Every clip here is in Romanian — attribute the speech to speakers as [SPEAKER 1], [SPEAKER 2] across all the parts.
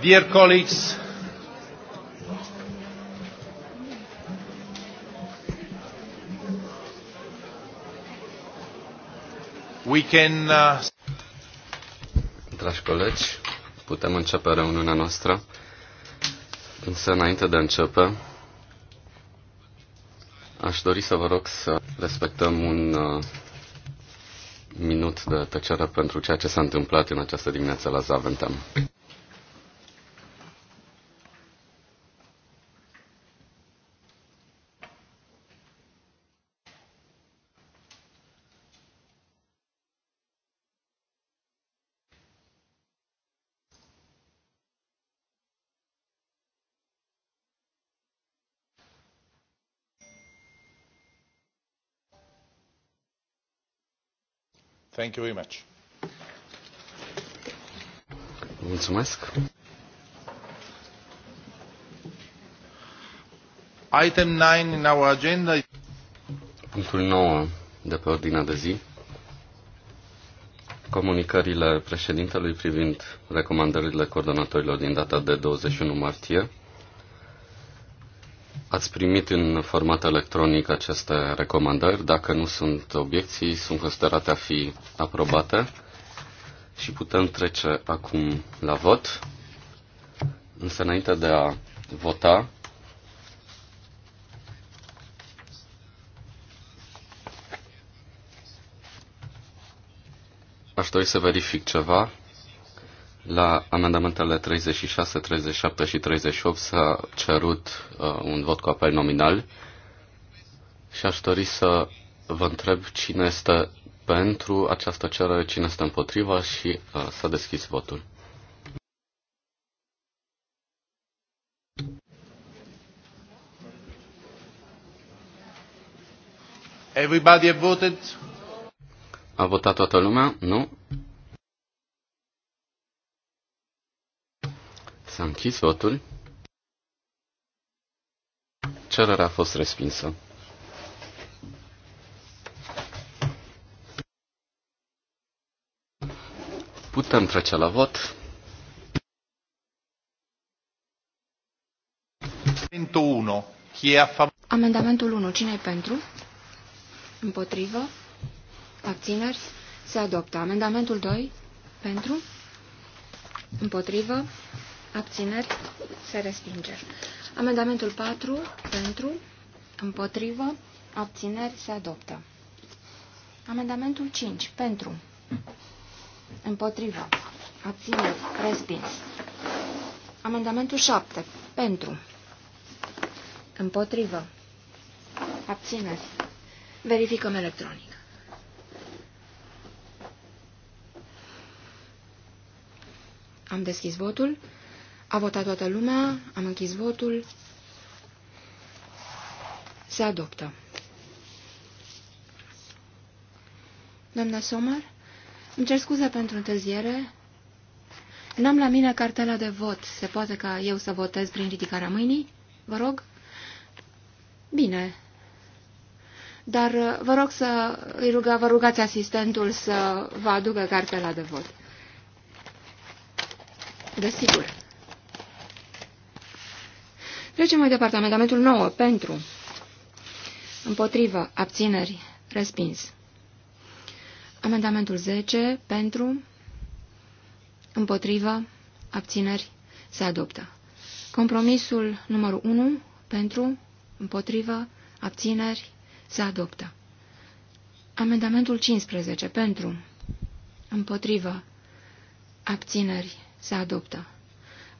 [SPEAKER 1] Dear colleagues,
[SPEAKER 2] we can... Uh... Dragi colegi, putem începe reuniunea noastră, însă înainte de a începe, aș dori să vă rog să respectăm un uh, minut de tăcere pentru ceea ce s-a întâmplat în această dimineață la Zaventem.
[SPEAKER 1] Thank you very much.
[SPEAKER 2] Mulțumesc.
[SPEAKER 1] Item 9 in our agenda.
[SPEAKER 2] Punctul 9 de pe ordinea de zi. Comunicările președintelui privind recomandările coordonatorilor din data de 21 martie Ați primit în format electronic aceste recomandări. Dacă nu sunt obiecții, sunt considerate a fi aprobate și putem trece acum la vot. Însă înainte de a vota, aș dori să verific ceva. La amendamentele 36, 37 și 38 s-a cerut uh, un vot cu apel nominal și aș dori să vă întreb cine este pentru această cerere, cine este împotriva și uh, s-a deschis votul.
[SPEAKER 1] Everybody voted?
[SPEAKER 2] A votat toată lumea? Nu? Să închizi votul. Cererea a fost respinsă. Putem trece la vot.
[SPEAKER 3] Amendamentul 1. cine e pentru? Împotrivă? Abțineri? Se adoptă. Amendamentul 2. Pentru? Împotrivă? abțineri, se respinge. Amendamentul 4, pentru, împotrivă, abțineri, se adoptă. Amendamentul 5, pentru, împotrivă, abțineri, respins. Amendamentul 7, pentru, împotrivă, abțineri, verificăm electronic. Am deschis votul. A votat toată lumea, am închis votul. Se adoptă. Doamna Sommer, îmi cer scuze pentru întârziere. N-am la mine cartela de vot. Se poate ca eu să votez prin ridicarea mâinii? Vă rog? Bine. Dar uh, vă rog să îi ruga, vă rugați asistentul să vă aducă cartela de vot. Desigur. Trecem mai departe. Amendamentul 9. Pentru. Împotrivă. Abțineri. Respins. Amendamentul 10. Pentru. Împotrivă. Abțineri. Se adoptă. Compromisul numărul 1. Pentru. Împotrivă. Abțineri. Se adoptă. Amendamentul 15. Pentru. Împotrivă. Abțineri. Se adoptă.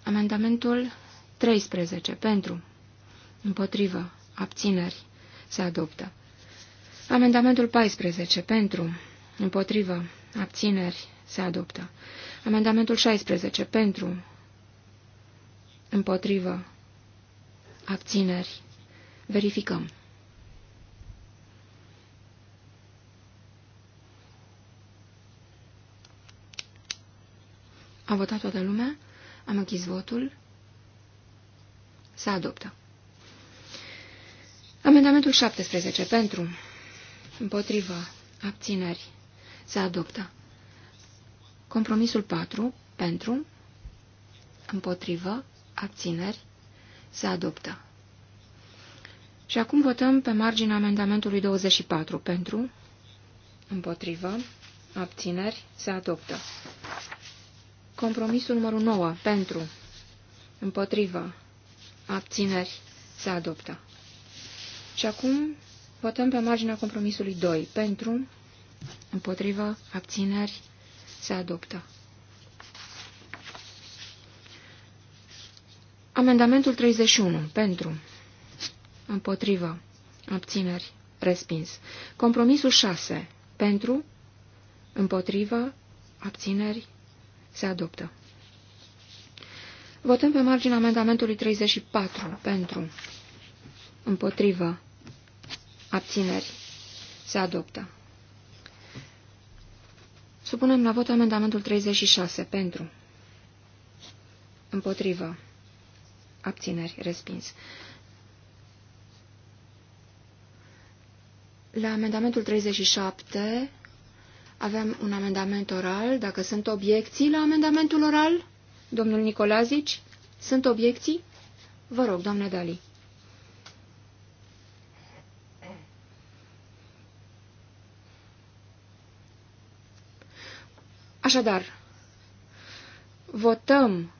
[SPEAKER 3] Amendamentul 13. Pentru. Împotrivă. Abțineri. Se adoptă. Amendamentul 14. Pentru. Împotrivă. Abțineri. Se adoptă. Amendamentul 16. Pentru. Împotrivă. Abțineri. Verificăm. A votat toată lumea? Am închis votul. Se adoptă. Amendamentul 17. Pentru. Împotrivă. Abțineri. Se adoptă. Compromisul 4. Pentru. Împotrivă. Abțineri. Se adoptă. Și acum votăm pe marginea amendamentului 24. Pentru. Împotrivă. Abțineri. Se adoptă. Compromisul numărul 9. Pentru. Împotrivă abțineri, se adoptă. Și acum votăm pe marginea compromisului 2. Pentru, împotrivă, abțineri, se adoptă. Amendamentul 31. Pentru, împotrivă, abțineri, respins. Compromisul 6. Pentru, împotrivă, abțineri, se adoptă. Votăm pe marginea amendamentului 34. Pentru. Împotrivă. Abțineri. Se adoptă. Supunem la vot amendamentul 36. Pentru. Împotrivă. Abțineri. Respins. La amendamentul 37 avem un amendament oral. Dacă sunt obiecții la amendamentul oral... Domnul Nicolazici, sunt obiecții? Vă rog, doamne Dali. Așadar, votăm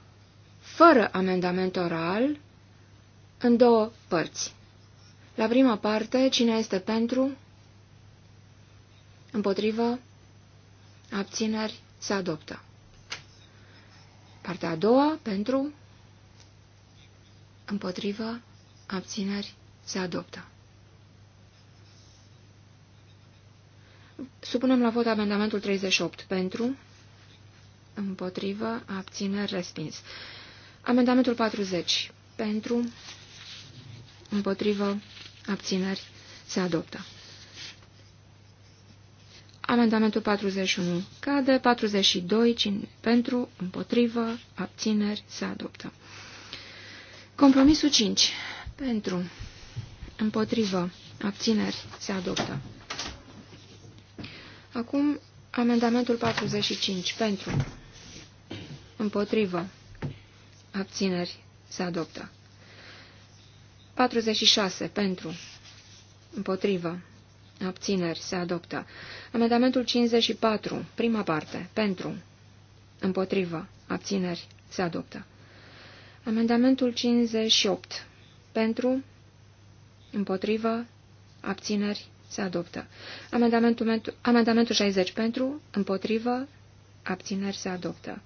[SPEAKER 3] fără amendament oral în două părți. La prima parte, cine este pentru, împotrivă, abțineri, se adoptă. Partea a doua, pentru, împotrivă, abțineri, se adoptă. Supunem la vot amendamentul 38. Pentru, împotrivă, abțineri, respins. Amendamentul 40. Pentru, împotrivă, abțineri, se adoptă. Amendamentul 41 cade, 42 cine, pentru, împotrivă, abțineri, se adoptă. Compromisul 5. Pentru, împotrivă, abțineri, se adoptă. Acum, amendamentul 45. Pentru, împotrivă, abțineri, se adoptă. 46. Pentru, împotrivă, Abțineri. Se adoptă. Amendamentul 54. Prima parte. Pentru. Împotrivă. Abțineri. Se adoptă. Amendamentul 58. Pentru. Împotrivă. Abțineri. Se adoptă. Amendamentul, amendamentul 60. Pentru. Împotrivă. Abțineri. Se adoptă.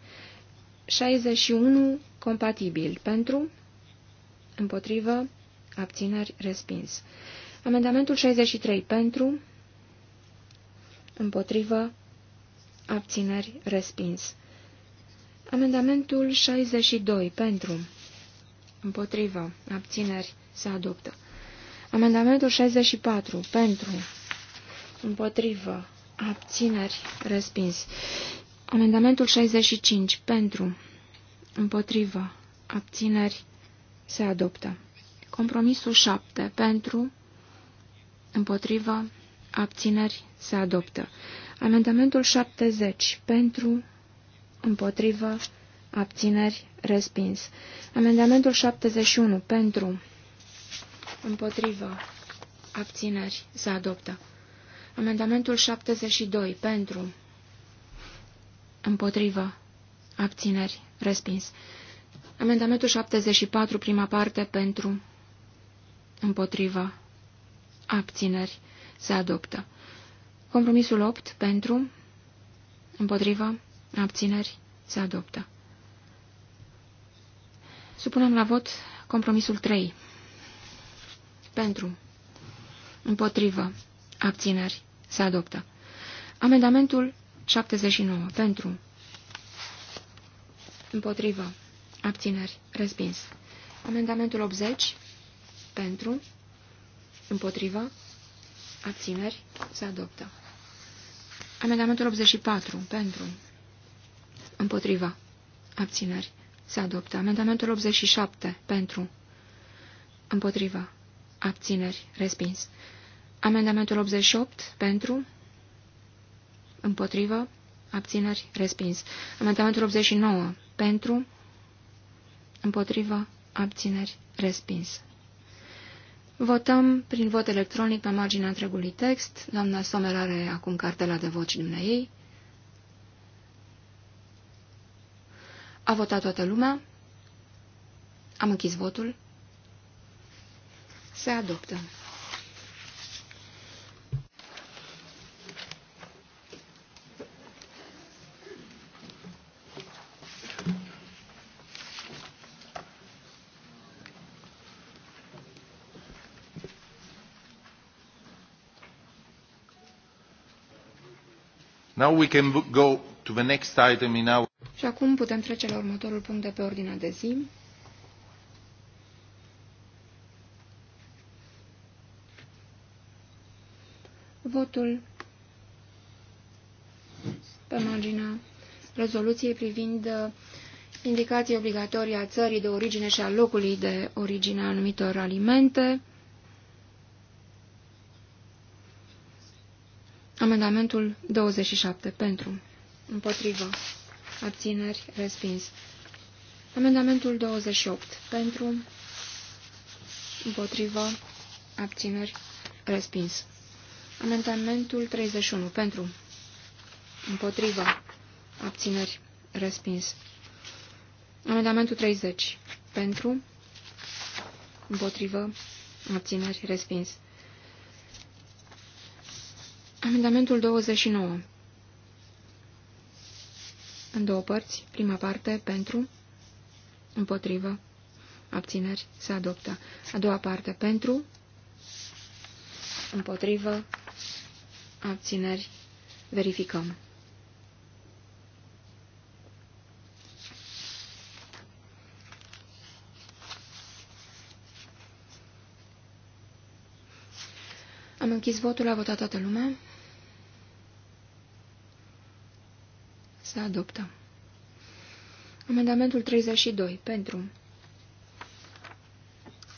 [SPEAKER 3] 61. Compatibil. Pentru. Împotrivă. Abțineri. Respins. Amendamentul 63 pentru, împotrivă, abțineri, respins. Amendamentul 62 pentru, împotrivă, abțineri, se adoptă. Amendamentul 64 pentru, împotrivă, abțineri, respins. Amendamentul 65 pentru, împotrivă, abțineri, se adoptă. Compromisul 7 pentru, împotrivă, abțineri, se adoptă. Amendamentul 70, pentru, împotrivă, abțineri, respins. Amendamentul 71, pentru, împotrivă, abțineri, se adoptă. Amendamentul 72, pentru, împotrivă, abțineri, respins. Amendamentul 74, prima parte, pentru, împotrivă, abțineri, se adoptă. Compromisul 8 pentru, împotriva, abțineri, se adoptă. Supunem la vot compromisul 3. Pentru, împotrivă, abțineri, se adoptă. Amendamentul 79. Pentru, împotrivă, abțineri, respins. Amendamentul 80. Pentru, Împotriva. Abțineri. Se adoptă. Amendamentul 84. Pentru. Împotriva. Abțineri. Se adoptă. Amendamentul 87. Pentru. Împotriva. Abțineri. Respins. Amendamentul 88. Pentru. Împotriva. Abțineri. Respins. Amendamentul 89. Pentru. Împotriva. Abțineri. Respins. Votăm prin vot electronic pe marginea întregului text. Doamna Somer are acum cartela de voci ei. A votat toată lumea. Am închis votul. Se adoptă.
[SPEAKER 1] Now we can go to the next item in our...
[SPEAKER 3] Și acum putem trece la următorul punct de pe ordinea de zi. Votul pe marginea rezoluției privind uh, indicații obligatorii a țării de origine și a locului de origine a anumitor alimente. Amendamentul 27. Pentru. Împotrivă. Abțineri. Respins. Amendamentul 28. Pentru. Împotrivă. Abțineri. Respins. Amendamentul 31. Pentru. Împotrivă. Abțineri. Respins. Amendamentul 30. Pentru. Împotrivă. Abțineri. Respins. Amendamentul 29. În două părți, prima parte pentru, împotrivă, abțineri, se adoptă. A doua parte pentru, împotrivă, abțineri, verificăm. Am închis votul, a votat toată lumea. Se adoptă. Amendamentul 32. Pentru.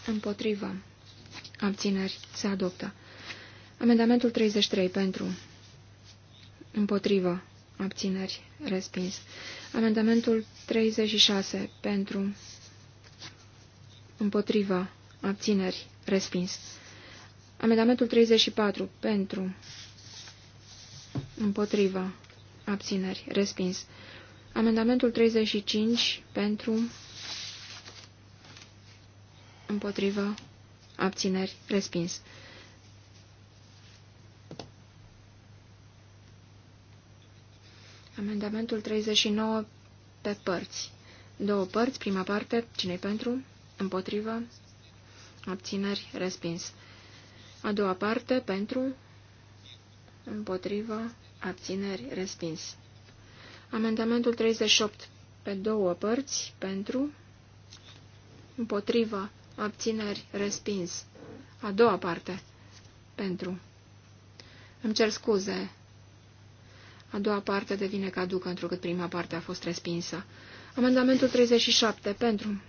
[SPEAKER 3] Împotriva. Abțineri. Se adoptă. Amendamentul 33. Pentru. Împotriva. Abțineri. Respins. Amendamentul 36. Pentru. Împotriva. Abțineri. Respins. Amendamentul 34. Pentru. Împotriva. Abțineri. Respins. Amendamentul 35. Pentru. Împotriva. Abțineri. Respins. Amendamentul 39 pe părți. Două părți, prima parte, cine pentru, împotrivă, abțineri, respins. A doua parte, pentru, împotriva, abțineri, respins. Amendamentul 38, pe două părți, pentru, împotriva, abțineri, respins. A doua parte, pentru. Îmi cer scuze. A doua parte devine caducă, întrucât prima parte a fost respinsă. Amendamentul 37, pentru.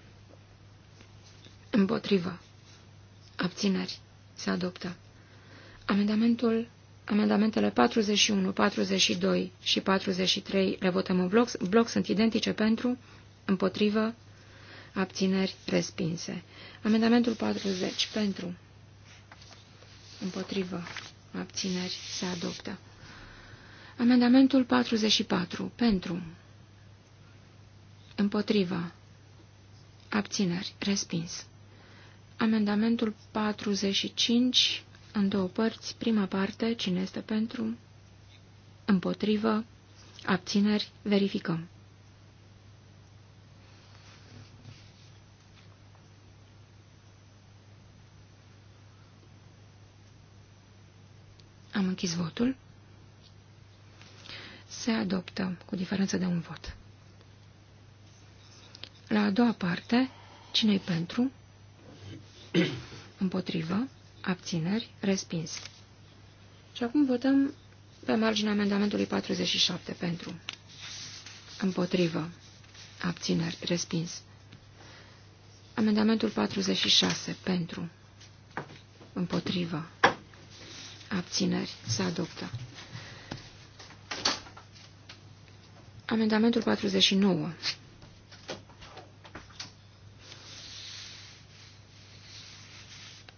[SPEAKER 3] împotriva Abțineri. Se adoptă. Amendamentul, amendamentele 41, 42 și 43 le votăm în bloc. Bloc sunt identice pentru, împotrivă, abțineri respinse. Amendamentul 40 pentru, împotrivă, abțineri se adoptă. Amendamentul 44 pentru, împotrivă, abțineri respinse. Amendamentul 45, în două părți, prima parte, cine este pentru, împotrivă, abțineri, verificăm. Am închis votul. Se adoptă cu diferență de un vot. La a doua parte, cine-i pentru? Împotrivă. Abțineri. Respins. Și acum votăm pe marginea amendamentului 47. Pentru. Împotrivă. Abțineri. Respins. Amendamentul 46. Pentru. Împotrivă. Abțineri. Se adoptă. Amendamentul 49.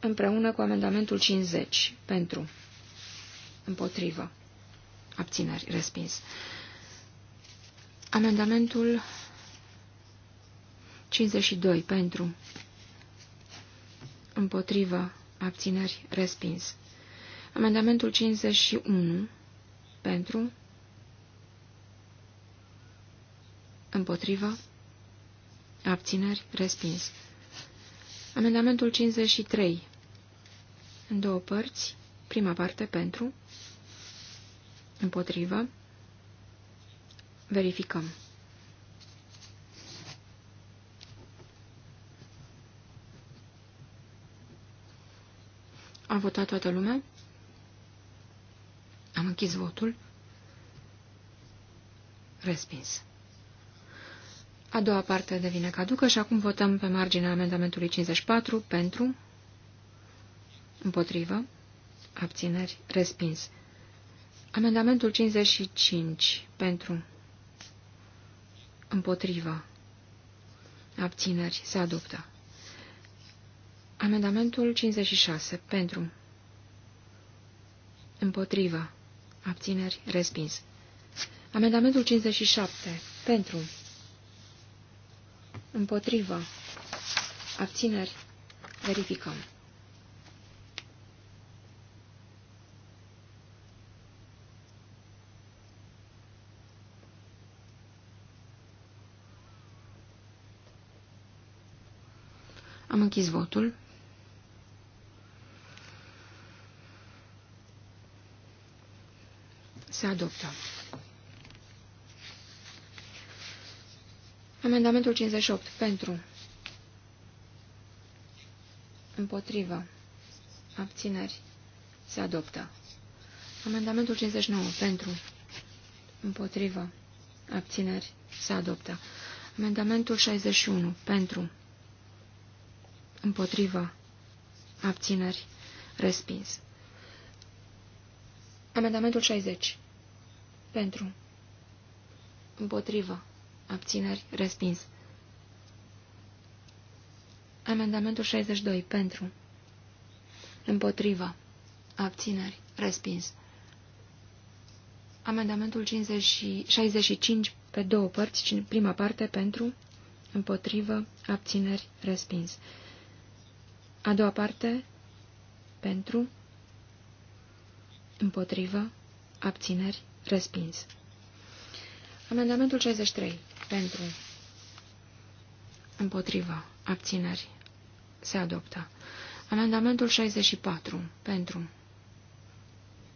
[SPEAKER 3] împreună cu amendamentul 50 pentru împotrivă abțineri respins. Amendamentul 52 pentru împotrivă abțineri respins. Amendamentul 51 pentru Împotrivă? Abțineri? Respins. Amendamentul 53 în două părți. Prima parte pentru, împotrivă, verificăm. A votat toată lumea? Am închis votul. Respins. A doua parte devine caducă și acum votăm pe marginea amendamentului 54 pentru, Împotrivă. Abțineri. Respins. Amendamentul 55. Pentru. Împotrivă. Abțineri. Se adoptă. Amendamentul 56. Pentru. Împotrivă. Abțineri. Respins. Amendamentul 57. Pentru. Împotrivă. Abțineri. Verificăm. închis votul. Se adoptă. Amendamentul 58. Pentru. Împotrivă. Abțineri. Se adoptă. Amendamentul 59. Pentru. Împotrivă. Abțineri. Se adoptă. Amendamentul 61. Pentru. Împotrivă. Abțineri. Respins. Amendamentul 60. Pentru. Împotrivă. Abțineri. Respins. Amendamentul 62. Pentru. Împotrivă. Abțineri. Respins. Amendamentul 50, 65 pe două părți, prima parte pentru, împotrivă, abțineri, respins. A doua parte, pentru, împotrivă, abțineri, respins. Amendamentul 63, pentru, împotrivă, abțineri, se adoptă. Amendamentul 64, pentru,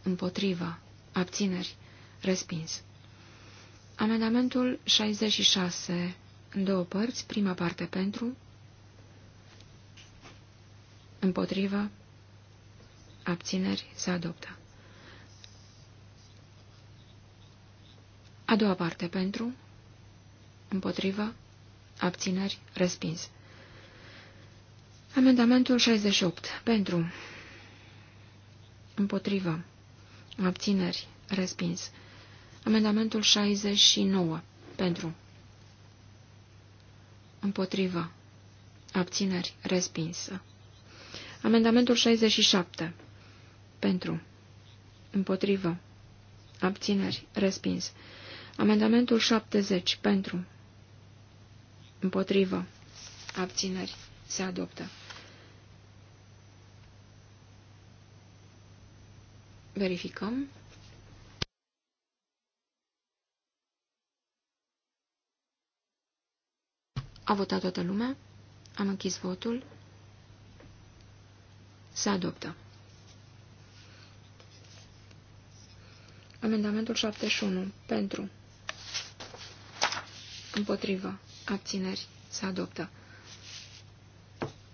[SPEAKER 3] împotrivă, abțineri, respins. Amendamentul 66, în două părți, prima parte pentru, Împotrivă. Abțineri. Se adoptă. A doua parte. Pentru. Împotrivă. Abțineri. Respins. Amendamentul 68. Pentru. Împotrivă. Abțineri. Respins. Amendamentul 69. Pentru. Împotrivă. Abțineri. Respinsă. Amendamentul 67. Pentru. Împotrivă. Abțineri. Respins. Amendamentul 70. Pentru. Împotrivă. Abțineri. Se adoptă. Verificăm. A votat toată lumea. Am închis votul. Se adoptă. Amendamentul 71. Pentru. Împotrivă. Abțineri. Se adoptă.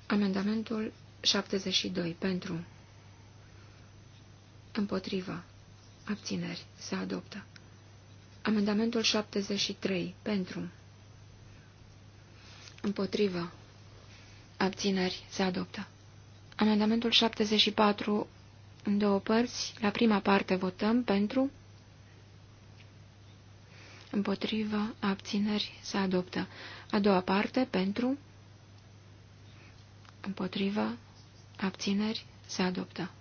[SPEAKER 3] Amendamentul 72. Pentru. Împotrivă. Abțineri. Se adoptă. Amendamentul 73. Pentru. Împotrivă. Abțineri. Se adoptă. Amendamentul 74 în două părți. La prima parte votăm pentru, împotrivă, abțineri, se adoptă. A doua parte pentru, împotrivă, abțineri, se adoptă.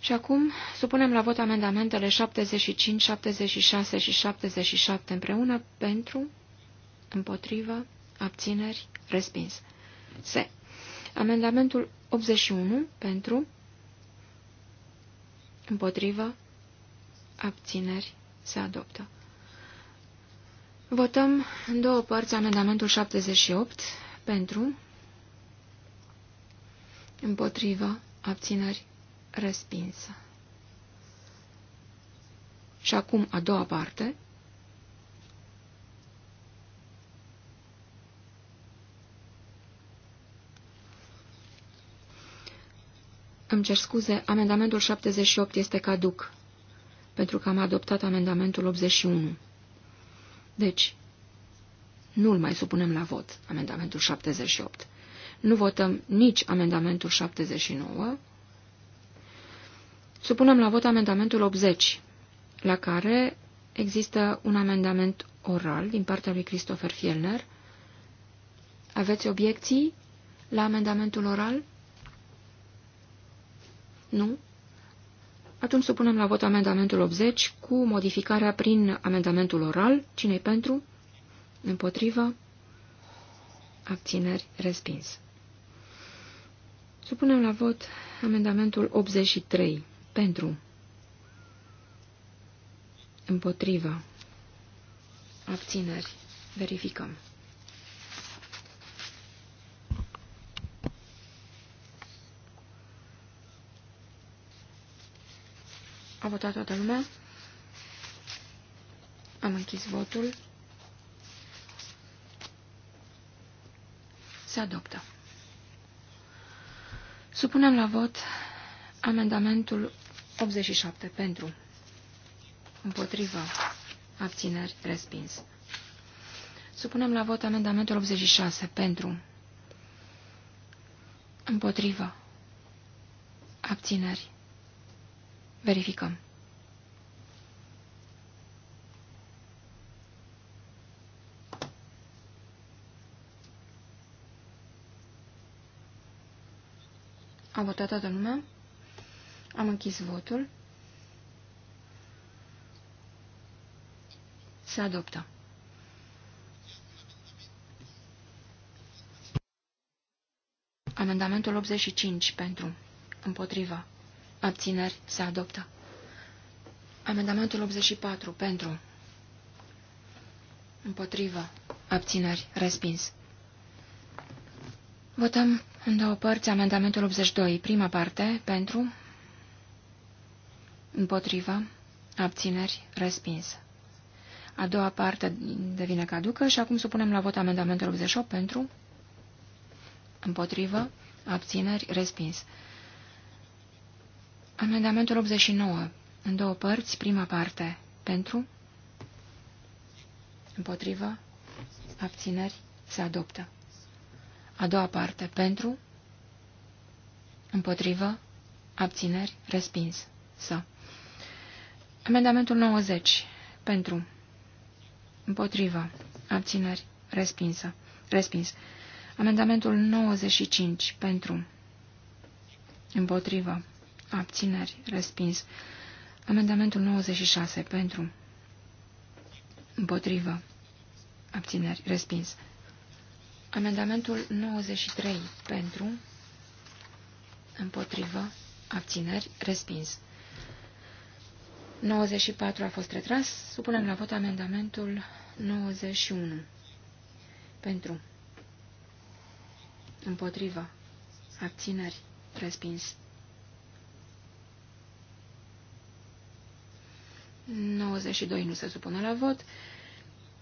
[SPEAKER 3] Și acum supunem la vot amendamentele 75, 76 și 77 împreună pentru, împotrivă, abțineri, respins. Se Amendamentul 81 pentru, împotrivă, abțineri, se adoptă. Votăm în două părți amendamentul 78 pentru, împotrivă, abțineri, respinsă. Și acum a doua parte Îmi cer scuze, amendamentul 78 este caduc, pentru că am adoptat amendamentul 81. Deci, nu-l mai supunem la vot, amendamentul 78. Nu votăm nici amendamentul 79. Supunem la vot amendamentul 80, la care există un amendament oral din partea lui Christopher Fielner. Aveți obiecții la amendamentul oral? Nu? Atunci supunem la vot amendamentul 80 cu modificarea prin amendamentul oral. cine pentru? Împotrivă? Abțineri? Respins. Supunem la vot amendamentul 83. Pentru? Împotriva. Abțineri? Verificăm. A votat toată lumea. Am închis votul. Se adoptă. Supunem la vot amendamentul 87 pentru, împotriva, abțineri, respins. Supunem la vot amendamentul 86 pentru, împotriva, abțineri, Verificăm. A votat toată lumea. Am închis votul. Se adoptă. Amendamentul 85 pentru. Împotriva. Abțineri. Se adoptă. Amendamentul 84. Pentru. Împotrivă. Abțineri. Respins. Votăm în două părți amendamentul 82. Prima parte. Pentru. Împotrivă. Abțineri. Respins. A doua parte devine caducă și acum supunem la vot amendamentul 88 pentru. Împotrivă. Abțineri. Respins. Amendamentul 89. În două părți, prima parte. Pentru? Împotrivă? Abțineri? Se adoptă. A doua parte. Pentru? Împotrivă? Abțineri? Respins. Să. Amendamentul 90. Pentru. Împotrivă. Abțineri. Respinsă. Respins. Amendamentul 95. Pentru. Împotrivă. Abțineri. Respins. Amendamentul 96. Pentru. Împotrivă. Abțineri. Respins. Amendamentul 93. Pentru. Împotrivă. Abțineri. Respins. 94 a fost retras. Supunem la vot amendamentul 91. Pentru. Împotrivă. Abțineri. Respins. 92 nu se supune la vot.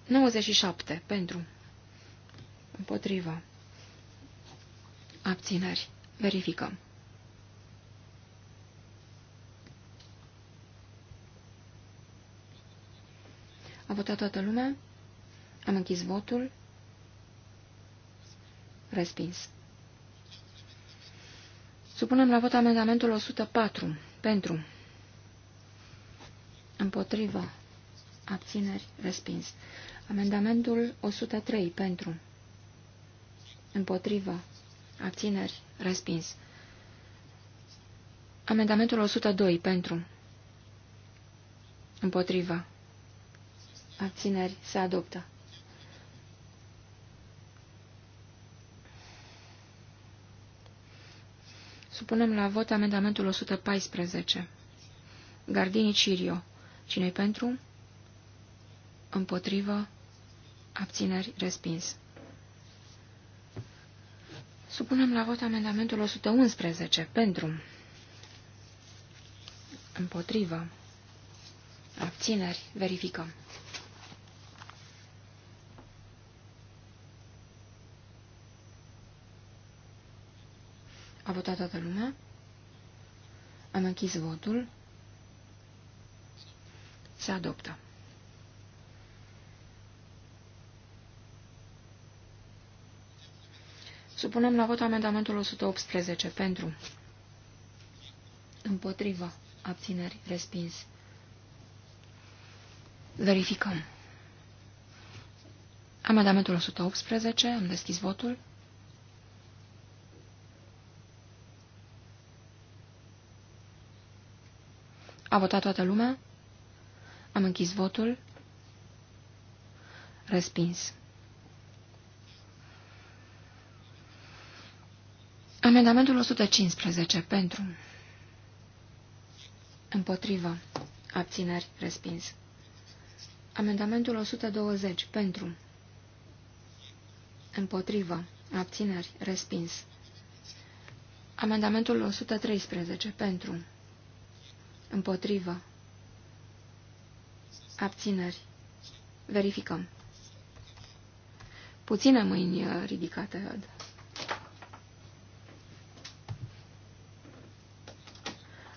[SPEAKER 3] 97 pentru. Împotriva. Abțineri. Verificăm. A votat toată lumea? Am închis votul? Respins. Supunem la vot amendamentul 104. Pentru. Împotrivă. Abțineri. Respins. Amendamentul 103. Pentru. Împotrivă. Abțineri. Respins. Amendamentul 102. Pentru. Împotrivă. Abțineri. Se adoptă. Supunem la vot amendamentul 114. Gardini Cirio cine pentru? Împotrivă. Abțineri. Respins. Supunem la vot amendamentul 111. Pentru. Împotrivă. Abțineri. Verificăm. A votat toată lumea. Am închis votul. Se adoptă. Supunem la vot amendamentul 118 pentru împotriva abțineri respins. Verificăm. Amendamentul 118, am deschis votul. A votat toată lumea? Am închis votul. Răspins. Amendamentul 115. Pentru. Împotrivă. Abțineri. Respins. Amendamentul 120. Pentru. Împotrivă. Abțineri. Respins. Amendamentul 113. Pentru. Împotrivă. Abțineri. Verificăm. Puține mâini uh, ridicate văd.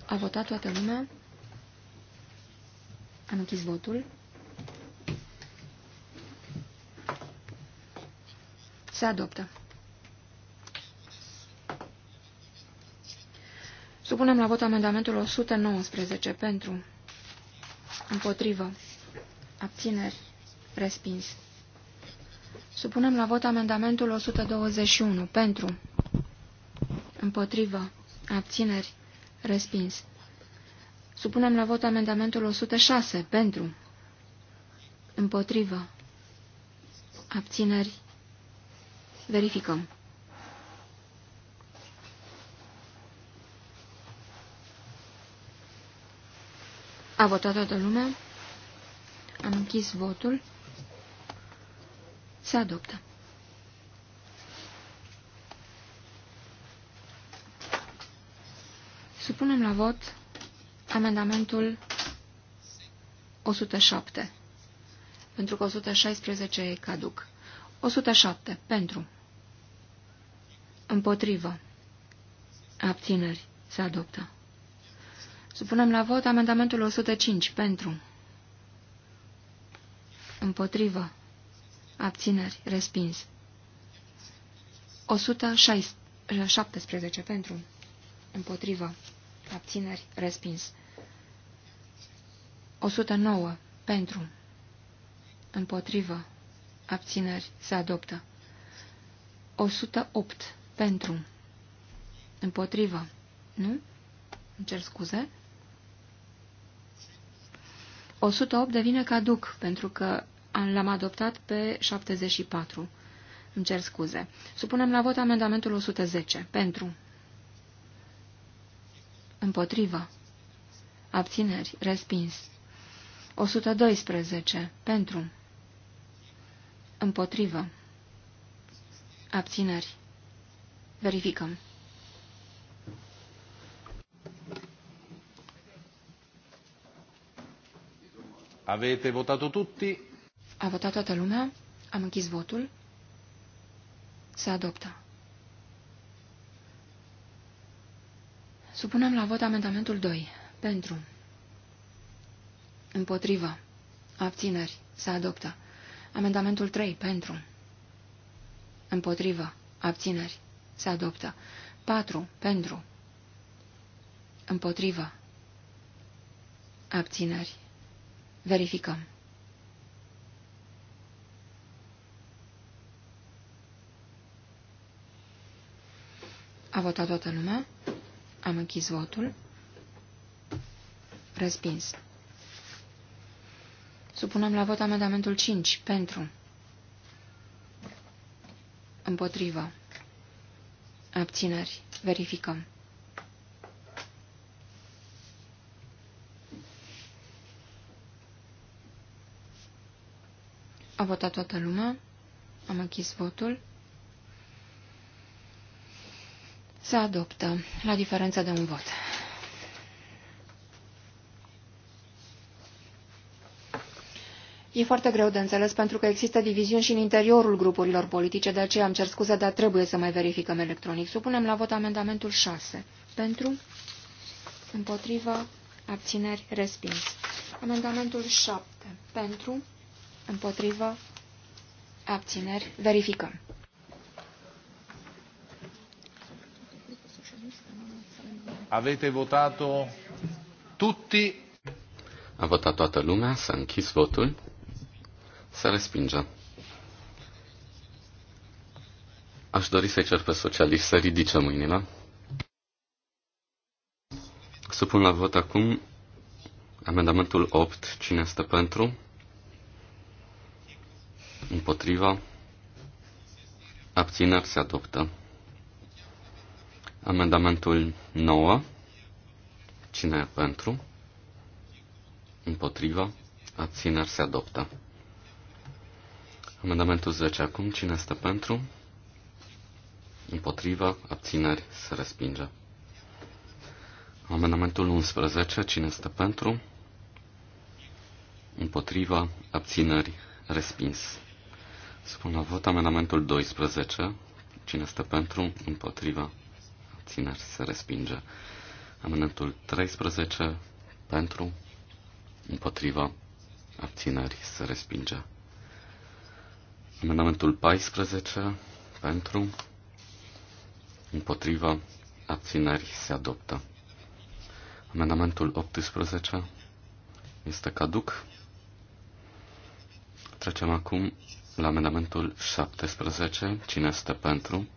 [SPEAKER 3] A votat toată lumea. Am închis votul. Se adoptă. Supunem la vot amendamentul 119 pentru. Împotrivă. Abțineri. Respins. Supunem la vot amendamentul 121. Pentru. Împotrivă. Abțineri. Respins. Supunem la vot amendamentul 106. Pentru. Împotrivă. Abțineri. Verificăm. A votat toată lumea? Am închis votul. Se adoptă. Supunem la vot amendamentul 107, pentru că 116 e caduc. 107. Pentru. Împotrivă. Abțineri. Se adoptă. Supunem la vot amendamentul 105. Pentru. Împotrivă. Abțineri. Respins. 117 pentru. Împotrivă. Abțineri. Respins. 109 pentru. Împotrivă. Abțineri. Se adoptă. 108 pentru. Împotrivă. Nu? Îmi cer scuze. 108 devine caduc, pentru că L-am adoptat pe 74. Îmi cer scuze. Supunem la vot amendamentul 110. Pentru. Împotrivă. Abțineri. Respins. 112. Pentru. Împotrivă. Abțineri. Verificăm.
[SPEAKER 1] Avete votato tutti?
[SPEAKER 3] A votat toată lumea? Am închis votul? Se adoptă. Supunem la vot amendamentul 2. Pentru. Împotrivă. Abțineri. Se adoptă. Amendamentul 3. Pentru. Împotrivă. Abțineri. Se adoptă. 4. Pentru. Împotrivă. Abțineri. Verificăm. A votat toată lumea. Am închis votul. Respins. Supunem la vot amendamentul 5. Pentru. Împotrivă. Abțineri. Verificăm. A votat toată lumea. Am închis votul. Se adoptă la diferență de un vot. E foarte greu de înțeles pentru că există diviziuni și în interiorul grupurilor politice, de aceea am cer scuze, dar trebuie să mai verificăm electronic. Supunem la vot amendamentul 6. Pentru, împotriva, abțineri, respins. Amendamentul 7. Pentru, împotriva, abțineri, verificăm.
[SPEAKER 1] Avete votato tutti?
[SPEAKER 2] A votat toată lumea, s-a închis votul, se respinge. Aș dori să-i cer pe socialiști să ridice mâinile. Supun la vot acum amendamentul 8. Cine este pentru? Împotriva? Abțineri se adoptă. Amendamentul 9. Cine e pentru? Împotriva? Abțineri se adoptă. Amendamentul 10 acum. Cine este pentru? Împotriva? Abțineri se respinge. Amendamentul 11. Cine este pentru? Împotriva? Abțineri respins. Spun la vot amendamentul 12. Cine este pentru? Împotriva? abțineri se respinge. Amendamentul 13 pentru, împotriva, abțineri se respinge. Amendamentul 14 pentru, împotriva, abțineri se adoptă. Amendamentul 18 este caduc. Trecem acum la amendamentul 17. Cine este pentru?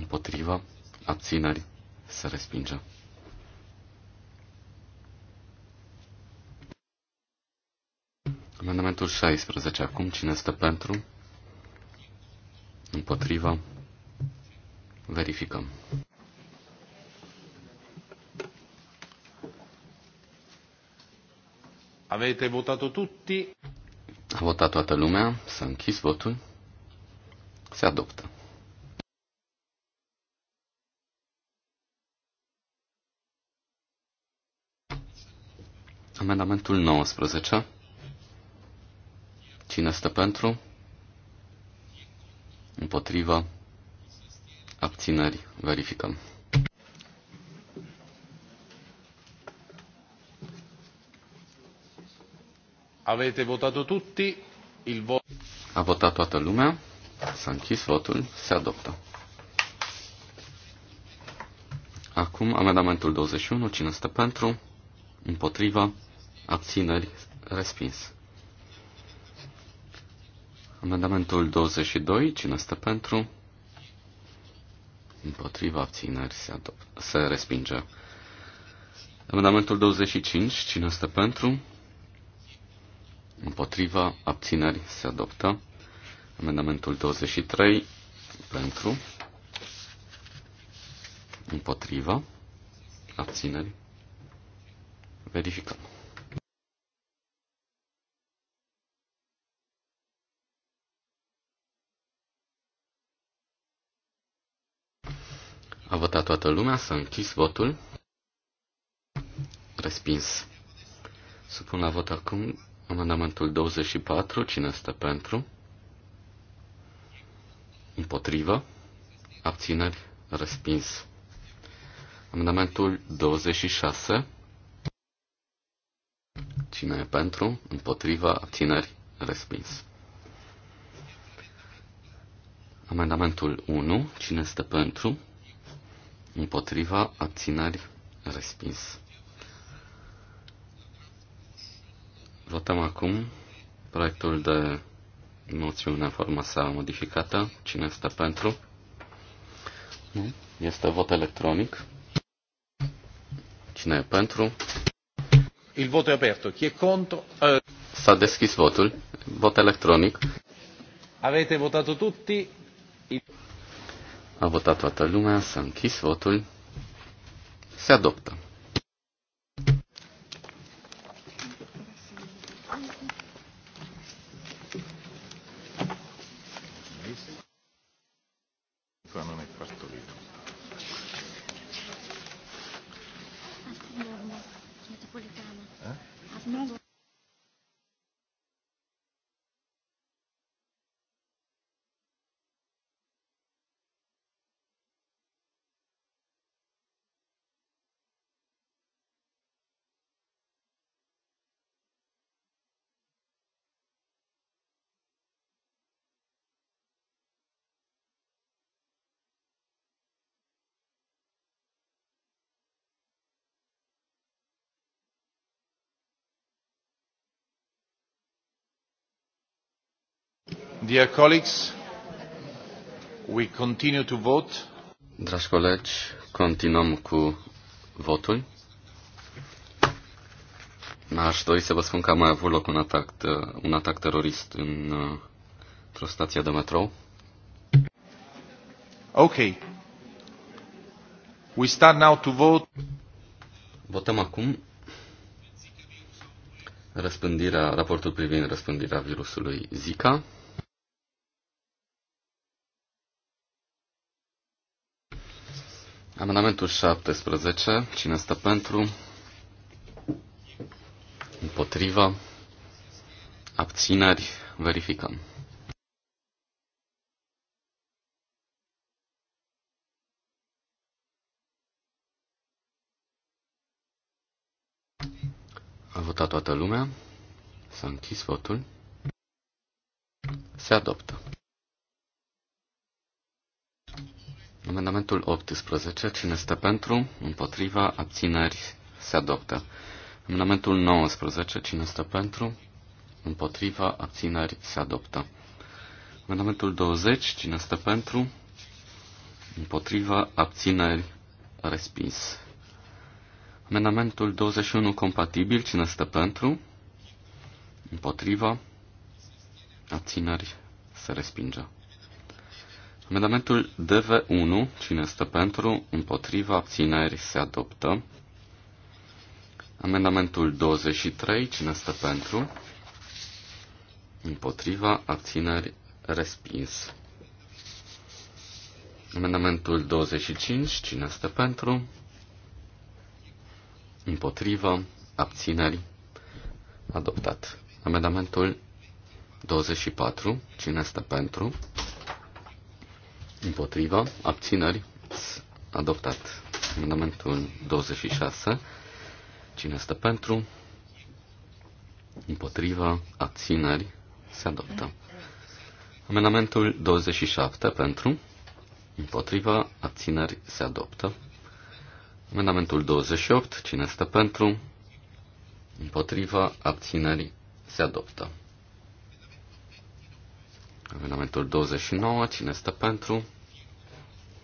[SPEAKER 2] împotriva, abțineri, se respingă. Amendamentul 16. Acum cine stă pentru? Împotriva? Verificăm.
[SPEAKER 1] Avete votato tutti?
[SPEAKER 2] A votat toată lumea, s-a închis votul, se adoptă. Amendamentul 19. Cine este pentru? Împotriva? Abțineri? Verificăm.
[SPEAKER 1] Avete votato tutti il voto.
[SPEAKER 2] A votat toată lumea. S-a închis votul. Se adoptă. Acum amendamentul 21. Cine este pentru? Împotriva? abțineri, respins. Amendamentul 22, cine stă pentru? Împotriva abțineri se, adop- se respinge. Amendamentul 25, cine stă pentru? Împotriva abțineri se adoptă. Amendamentul 23, pentru? Împotriva abțineri. Verificăm. toată lumea, să închis votul. Respins. Supun la vot acum amendamentul 24. Cine este pentru? Împotrivă. Abțineri. Respins. Amendamentul 26. Cine e pentru? Împotriva. Abțineri. Respins. Amendamentul 1. Cine este pentru? împotriva, abțineri, respins. Votăm acum proiectul de moțiune în forma sa modificată. Cine este pentru? Nu. Este vot electronic. Cine e pentru? Il voto è aperto. Chi è contro? Eh. S-a deschis votul. Vot electronic.
[SPEAKER 1] Avete votato tutti?
[SPEAKER 2] A votat toată lumea, s-a închis votul, se adoptă.
[SPEAKER 1] Dear colleagues, we continue to vote.
[SPEAKER 2] Dragi colegi, continuăm cu votul. Aș dori să vă spun că am mai avut loc un atac, uh, un atac terorist în, uh, într-o stație de metrou. Ok. We start now to vote. Votăm acum răspândirea, raportul privind răspândirea virusului Zika. Amendamentul 17. Cine stă pentru? Împotriva? Abțineri? Verificăm. A votat toată lumea. S-a închis votul. Se adoptă. Amendamentul 18. Cine este pentru? Împotriva. Abțineri. Se adoptă. Amendamentul 19. Cine este pentru? Împotriva. Abțineri. Se adoptă. Amendamentul 20. Cine este pentru? Împotriva. Abțineri. Respins. Amendamentul 21. Compatibil. Cine este pentru? Împotriva. Abțineri. Se respinge. Amendamentul DV1, cine este pentru, împotriva, abțineri, se adoptă. Amendamentul 23, cine este pentru, împotriva, abțineri, respins. Amendamentul 25, cine este pentru, împotriva, abțineri, adoptat. Amendamentul 24, cine este pentru, Împotriva. Abțineri. Adoptat. Amendamentul 26. Cine este pentru? Împotriva. Abțineri. Se adoptă. Amendamentul 27 pentru. Împotriva. Abțineri. Se adoptă. Amendamentul 28. Cine este pentru? Împotriva. Abțineri. Se adoptă. Amendamentul 29. Cine stă pentru?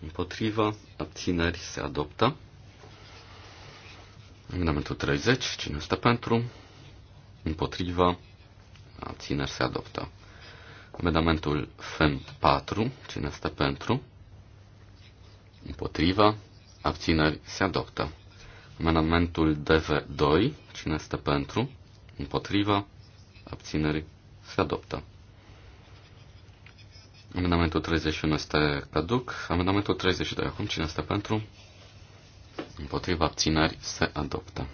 [SPEAKER 2] Împotrivă. Abțineri se adoptă. Amendamentul 30. Cine stă pentru? Împotrivă. Abțineri se adoptă. Amendamentul FEM 4. Cine stă pentru? Împotriva. Abțineri se adoptă. Amendamentul DV2. Cine stă pentru? Împotriva. Abțineri se adoptă. Amendamentul 31 este caduc. Amendamentul 32 acum. Cine este pentru? Împotriva abțineri se adoptă.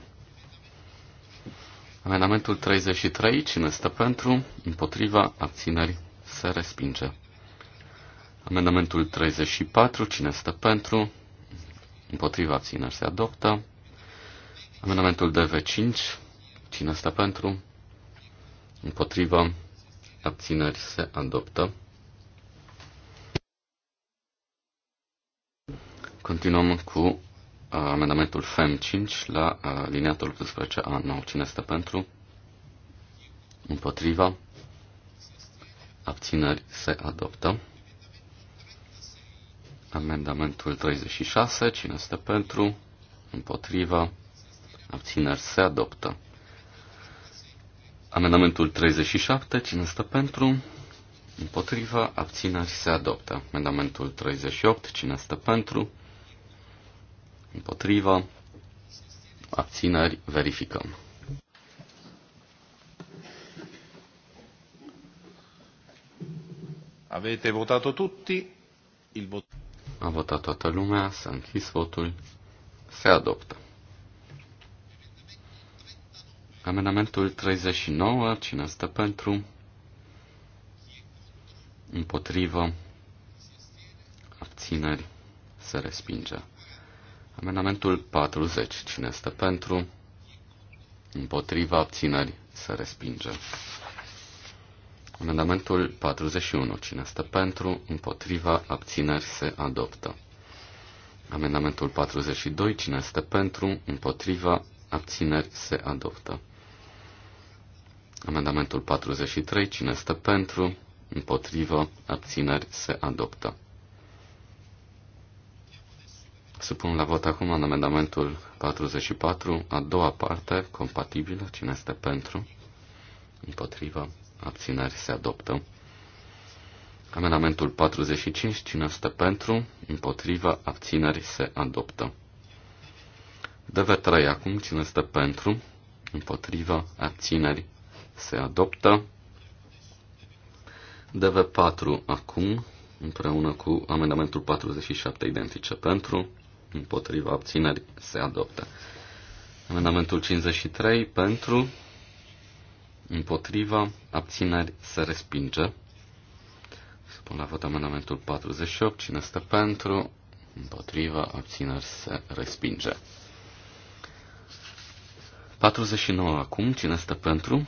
[SPEAKER 2] Amendamentul 33. Cine este pentru? Împotriva abțineri se respinge. Amendamentul 34. Cine este pentru? Împotriva abțineri se adoptă. Amendamentul DV5. Cine este pentru? Împotriva abțineri se adoptă. Continuăm cu uh, amendamentul FEM 5 la uh, liniatul 18A9. Cine este pentru? Împotriva? Abțineri se adoptă. Amendamentul 36. Cine este pentru? Împotriva? Abțineri se adoptă. Amendamentul 37. Cine este pentru? Împotriva? Abțineri se adoptă. Amendamentul 38. Cine este pentru? împotrivă, abțineri, verificăm.
[SPEAKER 1] Avete votato tutti?
[SPEAKER 2] Il vot... A votat toată lumea, s-a închis votul, se adoptă. Amendamentul 39, cine stă pentru? Împotrivă, abțineri, se respinge. Amendamentul 40. Cine este pentru? Împotriva abțineri se respinge. Amendamentul 41. Cine este pentru? Împotriva abțineri se adoptă. Amendamentul 42. Cine este pentru? Împotriva abțineri se adoptă. Amendamentul 43. Cine este pentru? împotriva abțineri se adoptă pun la vot acum în amendamentul 44, a doua parte, compatibilă, cine este pentru, împotriva, abțineri se adoptă. Amendamentul 45, cine este pentru, împotriva, abțineri se adoptă. DV3 acum, cine este pentru, împotriva, abțineri se adoptă. DV4 acum, împreună cu amendamentul 47 identice pentru, împotriva abțineri se adoptă. Amendamentul 53 pentru, împotriva abținerii se respinge. Supun la vot amendamentul 48. Cine stă pentru, împotriva abținerii se respinge. 49 acum. Cine stă pentru,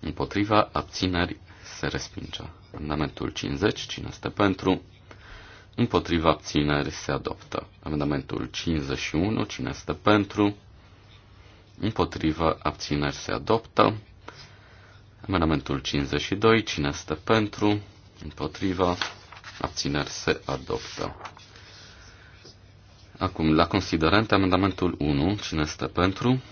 [SPEAKER 2] împotriva abținerii se respinge. Amendamentul 50. Cine stă pentru, împotriva abțineri se adoptă. Amendamentul 51, cine este pentru, împotriva abțineri se adoptă. Amendamentul 52, cine este pentru, împotriva abțineri se adoptă. Acum, la considerente, amendamentul 1, cine este pentru,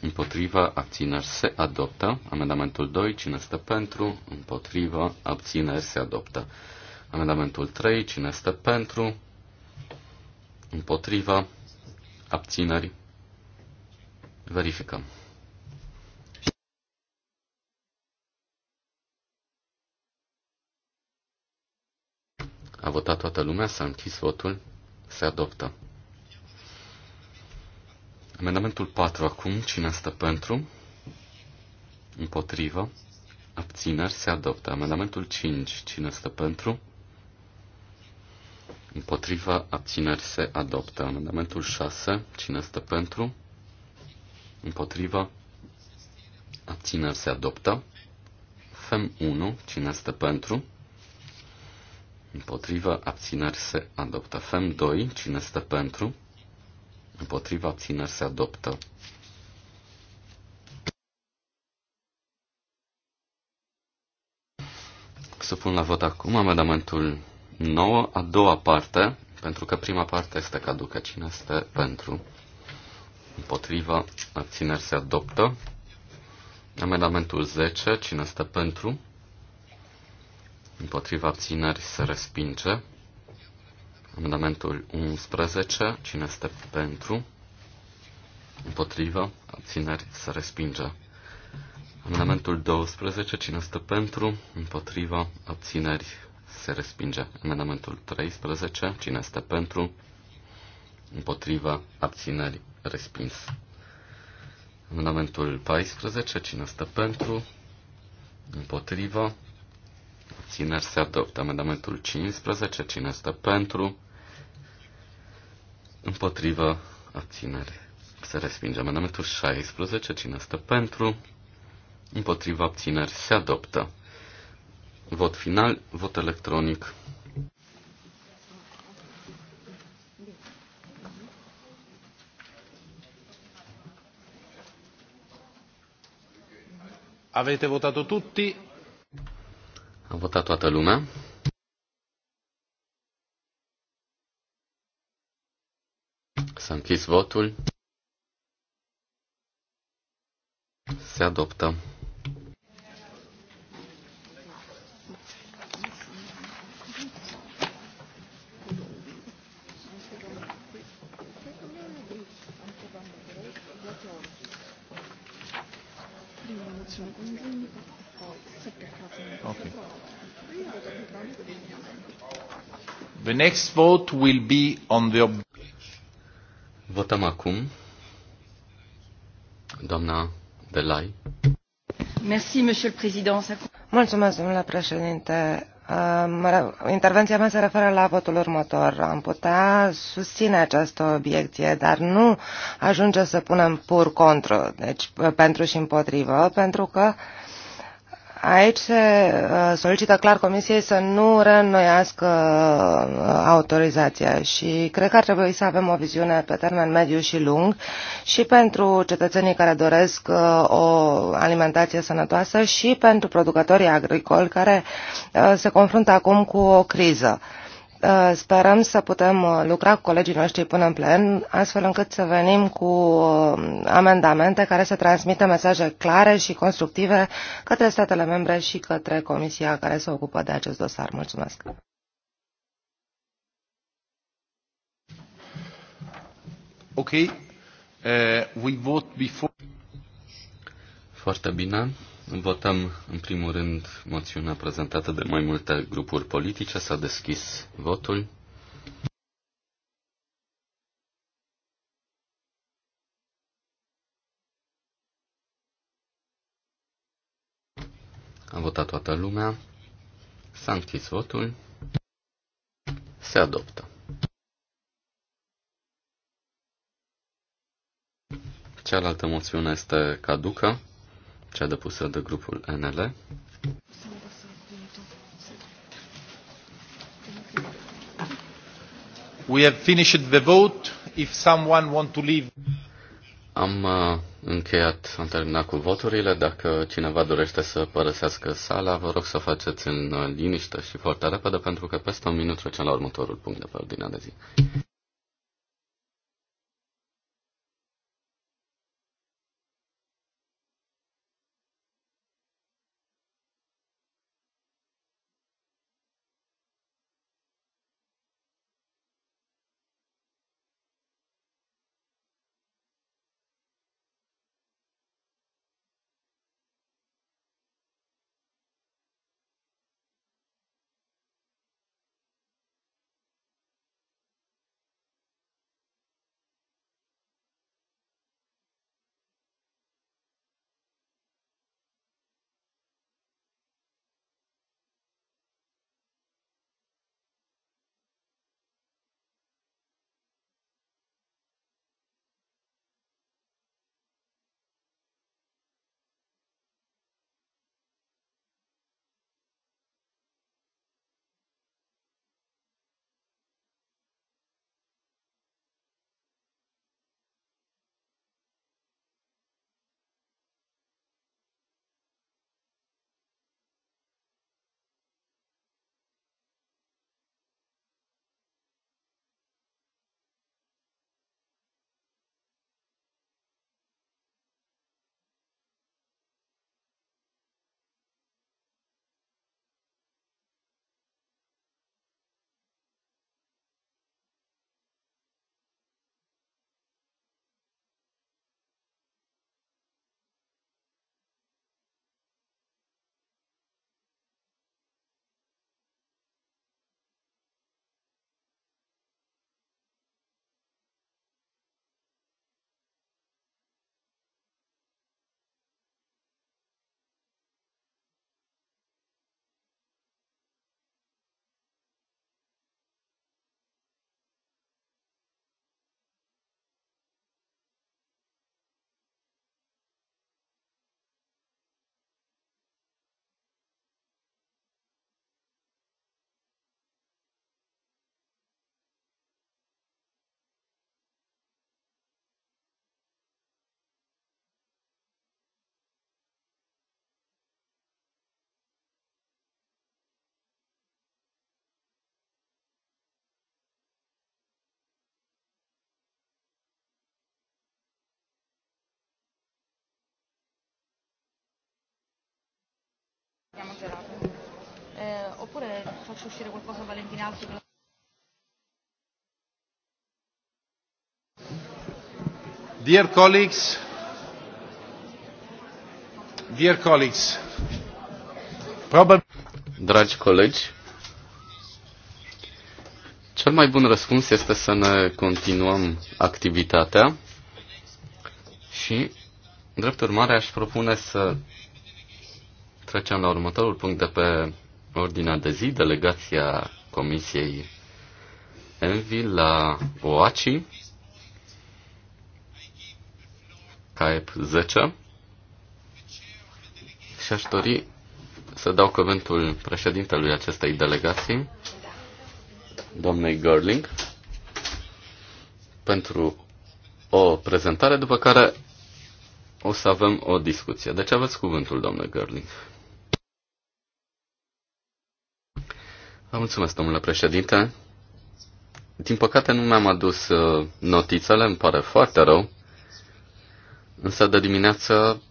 [SPEAKER 2] împotriva, abțineri se adoptă. Amendamentul 2, cine este pentru, împotriva, abțineri se adoptă. Amendamentul 3. Cine este pentru? Împotriva? Abțineri? Verificăm. A votat toată lumea, s-a închis votul, se adoptă. Amendamentul 4 acum, cine stă pentru? Împotrivă. Abțineri se adoptă. Amendamentul 5, cine stă pentru? Împotriva abțineri se adoptă. Amendamentul 6. Cine este pentru? Împotriva abțineri se adoptă. FEM 1. Cine este pentru? Împotriva abțineri se adoptă. FEM 2. Cine este pentru? Împotriva abțineri se adoptă. Să pun la vot acum amendamentul nouă, a doua parte, pentru că prima parte este caducă. Cine este pentru? Împotriva, abțineri se adoptă. Amendamentul 10, cine este pentru? Împotriva abțineri se respinge. Amendamentul 11, cine este pentru? Împotriva, abțineri se respinge. Amendamentul 12, cine este pentru? Împotriva, abțineri se respinge. Amendamentul 13, cine este pentru, împotriva, abțineri, respins. Amendamentul 14, cine este pentru, împotriva, abțineri, se adoptă. Amendamentul 15, cine este pentru, împotriva, abțineri, se respinge. Amendamentul 16, cine este pentru, împotriva, abțineri, se adoptă. Vot final, vot electronic.
[SPEAKER 1] Avete votato tutti?
[SPEAKER 2] A votat a taluna? S-a închis votul. Se adoptă. Okay. The next vote will be on the Votăm acum doamna Belai.
[SPEAKER 4] Mulțumesc, domnule președinte. Intervenția mea se referă la votul următor. Am putea susține această obiecție, dar nu ajunge să punem pur contra, deci pentru și împotrivă, pentru că uh, Aici se uh, solicită clar Comisiei să nu reînnoiască uh, autorizația și cred că ar trebui să avem o viziune pe termen mediu și lung și pentru cetățenii care doresc uh, o alimentație sănătoasă și pentru producătorii agricoli care se confruntă acum cu o criză. Eh, sperăm să putem eh, lucra cu colegii noștri până în plen, astfel încât să venim cu eh, amendamente care să transmită mesaje clare și constructive către statele membre și către Comisia care se ocupă de acest dosar. Mulțumesc!
[SPEAKER 2] Ok. Uh, we vote before... Foarte bine. Votăm, în primul rând, moțiunea prezentată de mai multe grupuri politice. S-a deschis votul. A votat toată lumea. S-a închis votul. Se adoptă. Cealaltă moțiune este caducă cea depusă de grupul NL. We have finished the vote. If someone want to leave. Am uh, încheiat, am terminat cu voturile. Dacă cineva dorește să părăsească sala, vă rog să o faceți în uh, liniște și foarte repede, pentru că peste un minut trecem la următorul punct de pe ordinea de zi.
[SPEAKER 1] Abbiamo gelato. Eh,
[SPEAKER 3] oppure faccio uscire qualcosa a Valentina
[SPEAKER 1] Dear colleagues,
[SPEAKER 2] dear colleagues, probabil... Dragi colegi, cel mai bun răspuns este să ne continuăm activitatea și, drept urmare, aș propune să Trecem la următorul punct de pe ordinea de zi, delegația Comisiei Envi la OACI, CAEP 10. Și aș dori să dau cuvântul președintelui acestei delegații, doamnei Gerling, pentru o prezentare, după care o să avem o discuție. Deci aveți cuvântul, doamnă Gerling. Vă mulțumesc, domnule președinte. Din păcate nu mi-am adus uh, notițele, îmi pare foarte rău. Însă de dimineață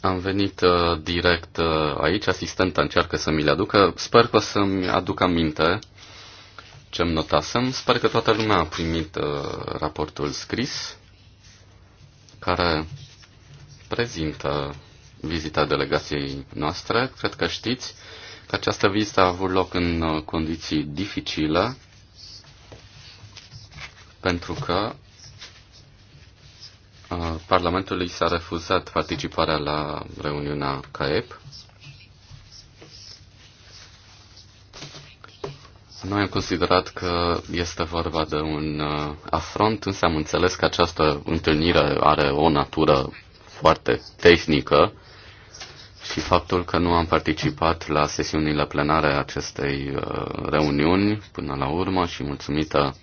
[SPEAKER 2] am venit uh, direct uh, aici, asistenta încearcă să mi le aducă. Sper că o să-mi aduc aminte ce-mi notasem. Sper că toată lumea a primit raportul scris care prezintă vizita delegației noastre. Cred că știți că această vizită a avut loc în uh, condiții dificile, pentru că uh, Parlamentul i s-a refuzat participarea la reuniunea CAEP. Noi am considerat că este vorba de un uh, afront, însă am înțeles că această întâlnire are o natură foarte tehnică și faptul că nu am participat la sesiunile plenare acestei uh, reuniuni până la urmă și mulțumită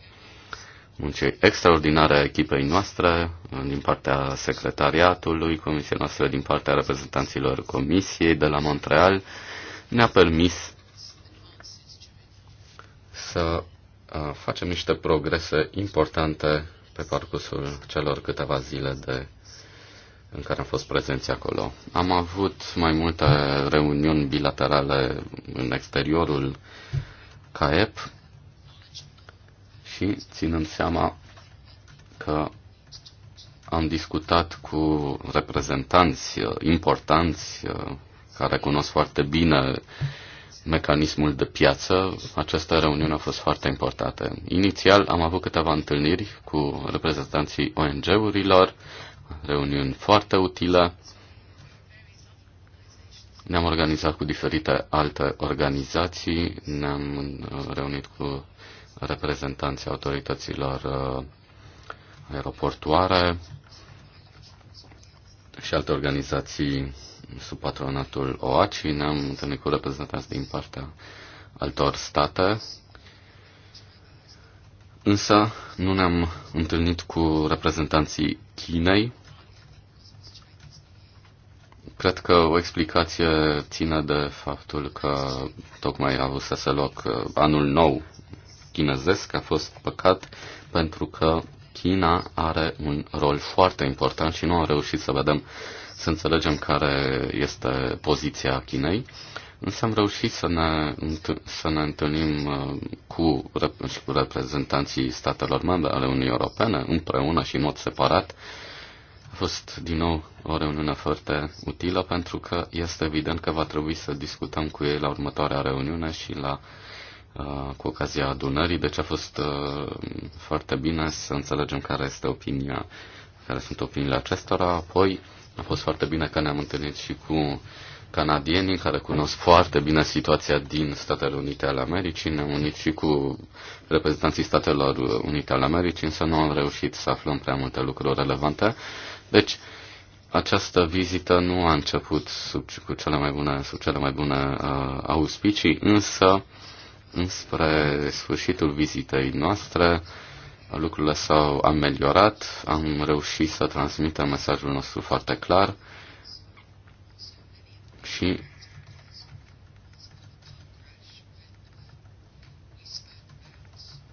[SPEAKER 2] muncii extraordinare a echipei noastre uh, din partea secretariatului, comisiei noastre din partea reprezentanților comisiei de la Montreal ne-a permis să uh, facem niște progrese importante pe parcursul celor câteva zile de în care am fost prezenți acolo. Am avut mai multe reuniuni bilaterale în exteriorul CAEP și ținând seama că am discutat cu reprezentanți importanți care cunosc foarte bine mecanismul de piață, această reuniune a fost foarte importantă. Inițial am avut câteva întâlniri cu reprezentanții ONG-urilor, reuniuni foarte utile. Ne-am organizat cu diferite alte organizații, ne-am uh, reunit cu reprezentanții autorităților uh, aeroportuare și alte organizații sub patronatul OACI. Ne-am întâlnit cu reprezentanți din partea altor state, însă nu ne-am întâlnit cu reprezentanții Chinei Cred că o explicație ține de faptul că tocmai a avut să se loc uh, anul nou chinezesc, a fost păcat pentru că China are un rol foarte important și nu am reușit să vedem, să înțelegem care este poziția Chinei. Însă am reușit să ne, să ne întâlnim uh, cu, cu reprezentanții statelor membre ale Uniunii Europene, împreună și în mod separat, a fost din nou o reuniune foarte utilă pentru că este evident că va trebui să discutăm cu ei la următoarea reuniune și la uh, cu ocazia adunării, deci a fost uh, foarte bine să înțelegem care este opinia, care sunt opiniile acestora. Apoi a fost foarte bine că ne-am întâlnit și cu canadienii care cunosc foarte bine situația din Statele Unite ale Americii, ne-am unit și cu reprezentanții Statelor Unite ale Americii, însă nu am reușit să aflăm prea multe lucruri relevante. Deci, această vizită nu a început sub, cu cele mai bune, sub cele mai bune uh, auspicii, însă, înspre sfârșitul vizitei noastre, lucrurile s-au ameliorat, am reușit să transmitem mesajul nostru foarte clar și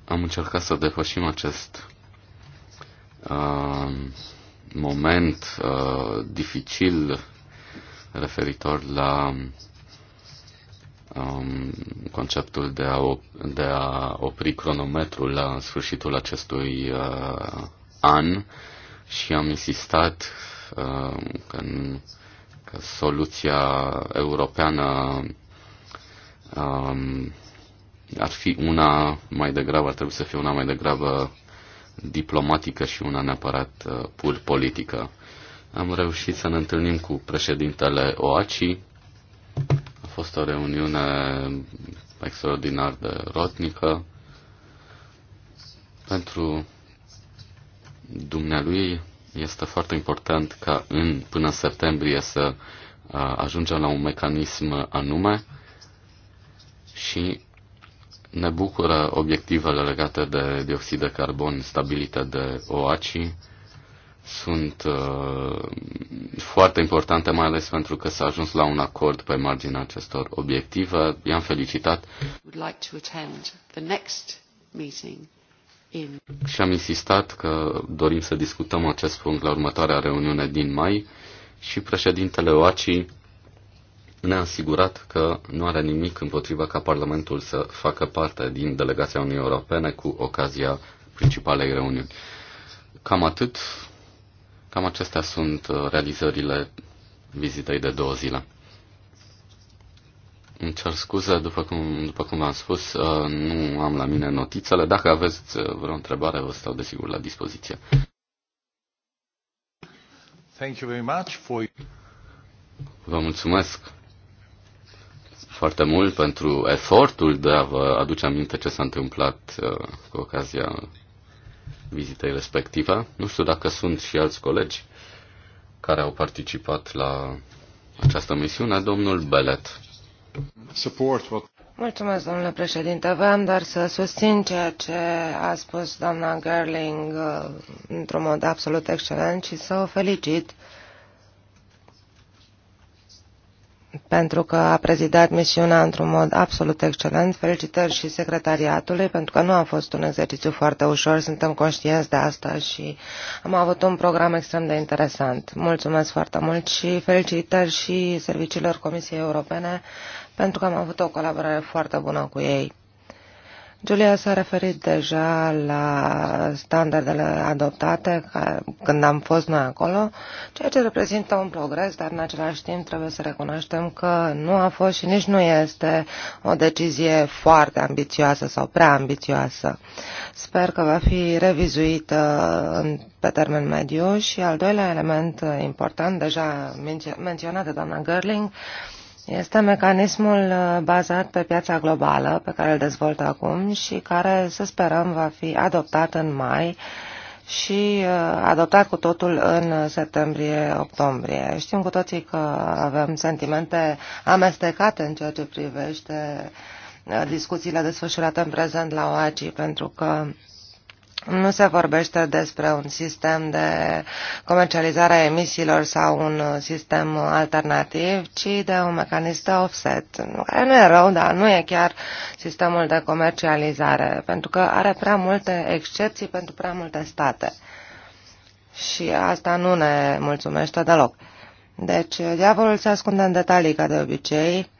[SPEAKER 2] am încercat să depășim acest uh, moment uh, dificil referitor la um, conceptul de a, de a opri cronometrul la sfârșitul acestui uh, an și am insistat uh, că, în, că soluția europeană um, ar fi una mai degrabă, ar trebui să fie una mai degrabă diplomatică și una neapărat uh, pur politică. Am reușit să ne întâlnim cu președintele OACI. A fost o reuniune extraordinar de rotnică. Pentru dumnealui este foarte important ca în, până septembrie să uh, ajungem la un mecanism anume și ne bucură obiectivele legate de dioxid de carbon stabilite de OACI. Sunt uh, foarte importante, mai ales pentru că s-a ajuns la un acord pe marginea acestor obiective. I-am felicitat. Și am insistat că dorim să discutăm acest punct la următoarea reuniune din mai și președintele OACI ne-a asigurat că nu are nimic împotriva ca Parlamentul să facă parte din delegația Uniunii Europene cu ocazia principalei reuniuni. Cam atât, cam acestea sunt uh, realizările vizitei de două zile. Îmi cer scuze, după cum, după cum v-am spus, uh, nu am la mine notițele. Dacă aveți uh, vreo întrebare, vă stau desigur la dispoziție.
[SPEAKER 1] Thank you very much for...
[SPEAKER 2] Vă mulțumesc foarte mult pentru efortul de a vă aduce aminte ce s-a întâmplat uh, cu ocazia vizitei respective. Nu știu dacă sunt și alți colegi care au participat la această misiune, domnul Belet.
[SPEAKER 4] Mulțumesc, domnule președinte. Vreau doar să susțin ceea ce a spus doamna Gerling uh, într-un mod absolut excelent și să o felicit uh, pentru că a prezidat misiunea într-un mod absolut excelent. Felicitări și secretariatului, pentru că nu a fost un exercițiu foarte ușor, suntem conștienți de asta și am avut un program extrem de interesant. Mulțumesc foarte mult și felicitări și serviciilor Comisiei Europene, pentru că am avut o colaborare foarte bună cu ei. Julia s-a referit deja la standardele adoptate ca, când am fost noi acolo, ceea ce reprezintă un progres, dar în același timp trebuie să recunoaștem că nu a fost și nici nu este o decizie foarte ambițioasă sau prea ambițioasă. Sper că va fi revizuită în, pe termen mediu și al doilea element important, deja menționat de doamna Gerling, uh, este mecanismul uh, bazat pe piața globală pe care îl dezvoltă acum și care, să sperăm, va fi adoptat în mai și uh, adoptat cu totul în septembrie-octombrie. Știm cu toții că avem sentimente amestecate în ceea ce privește uh, discuțiile desfășurate în prezent la OACI, pentru că nu se vorbește despre un sistem de comercializare a emisiilor sau un sistem alternativ, ci de un mecanism de offset, care nu e rău, dar nu e chiar sistemul de comercializare, pentru că are prea multe excepții pentru prea multe state. Și asta nu ne mulțumește deloc. Deci, diavolul se ascunde în detalii, ca de obicei,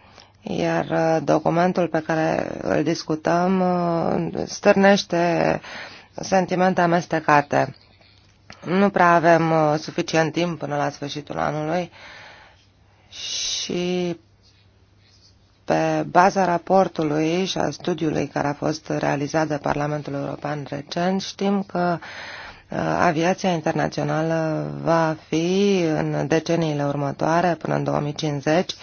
[SPEAKER 4] iar documentul pe care îl discutăm uh, stârnește uh, sentimente amestecate. Nu prea avem uh, suficient timp până la sfârșitul anului și pe baza raportului și a studiului care a fost realizat de Parlamentul European recent, știm că uh, aviația internațională va fi în deceniile următoare, până în 2050,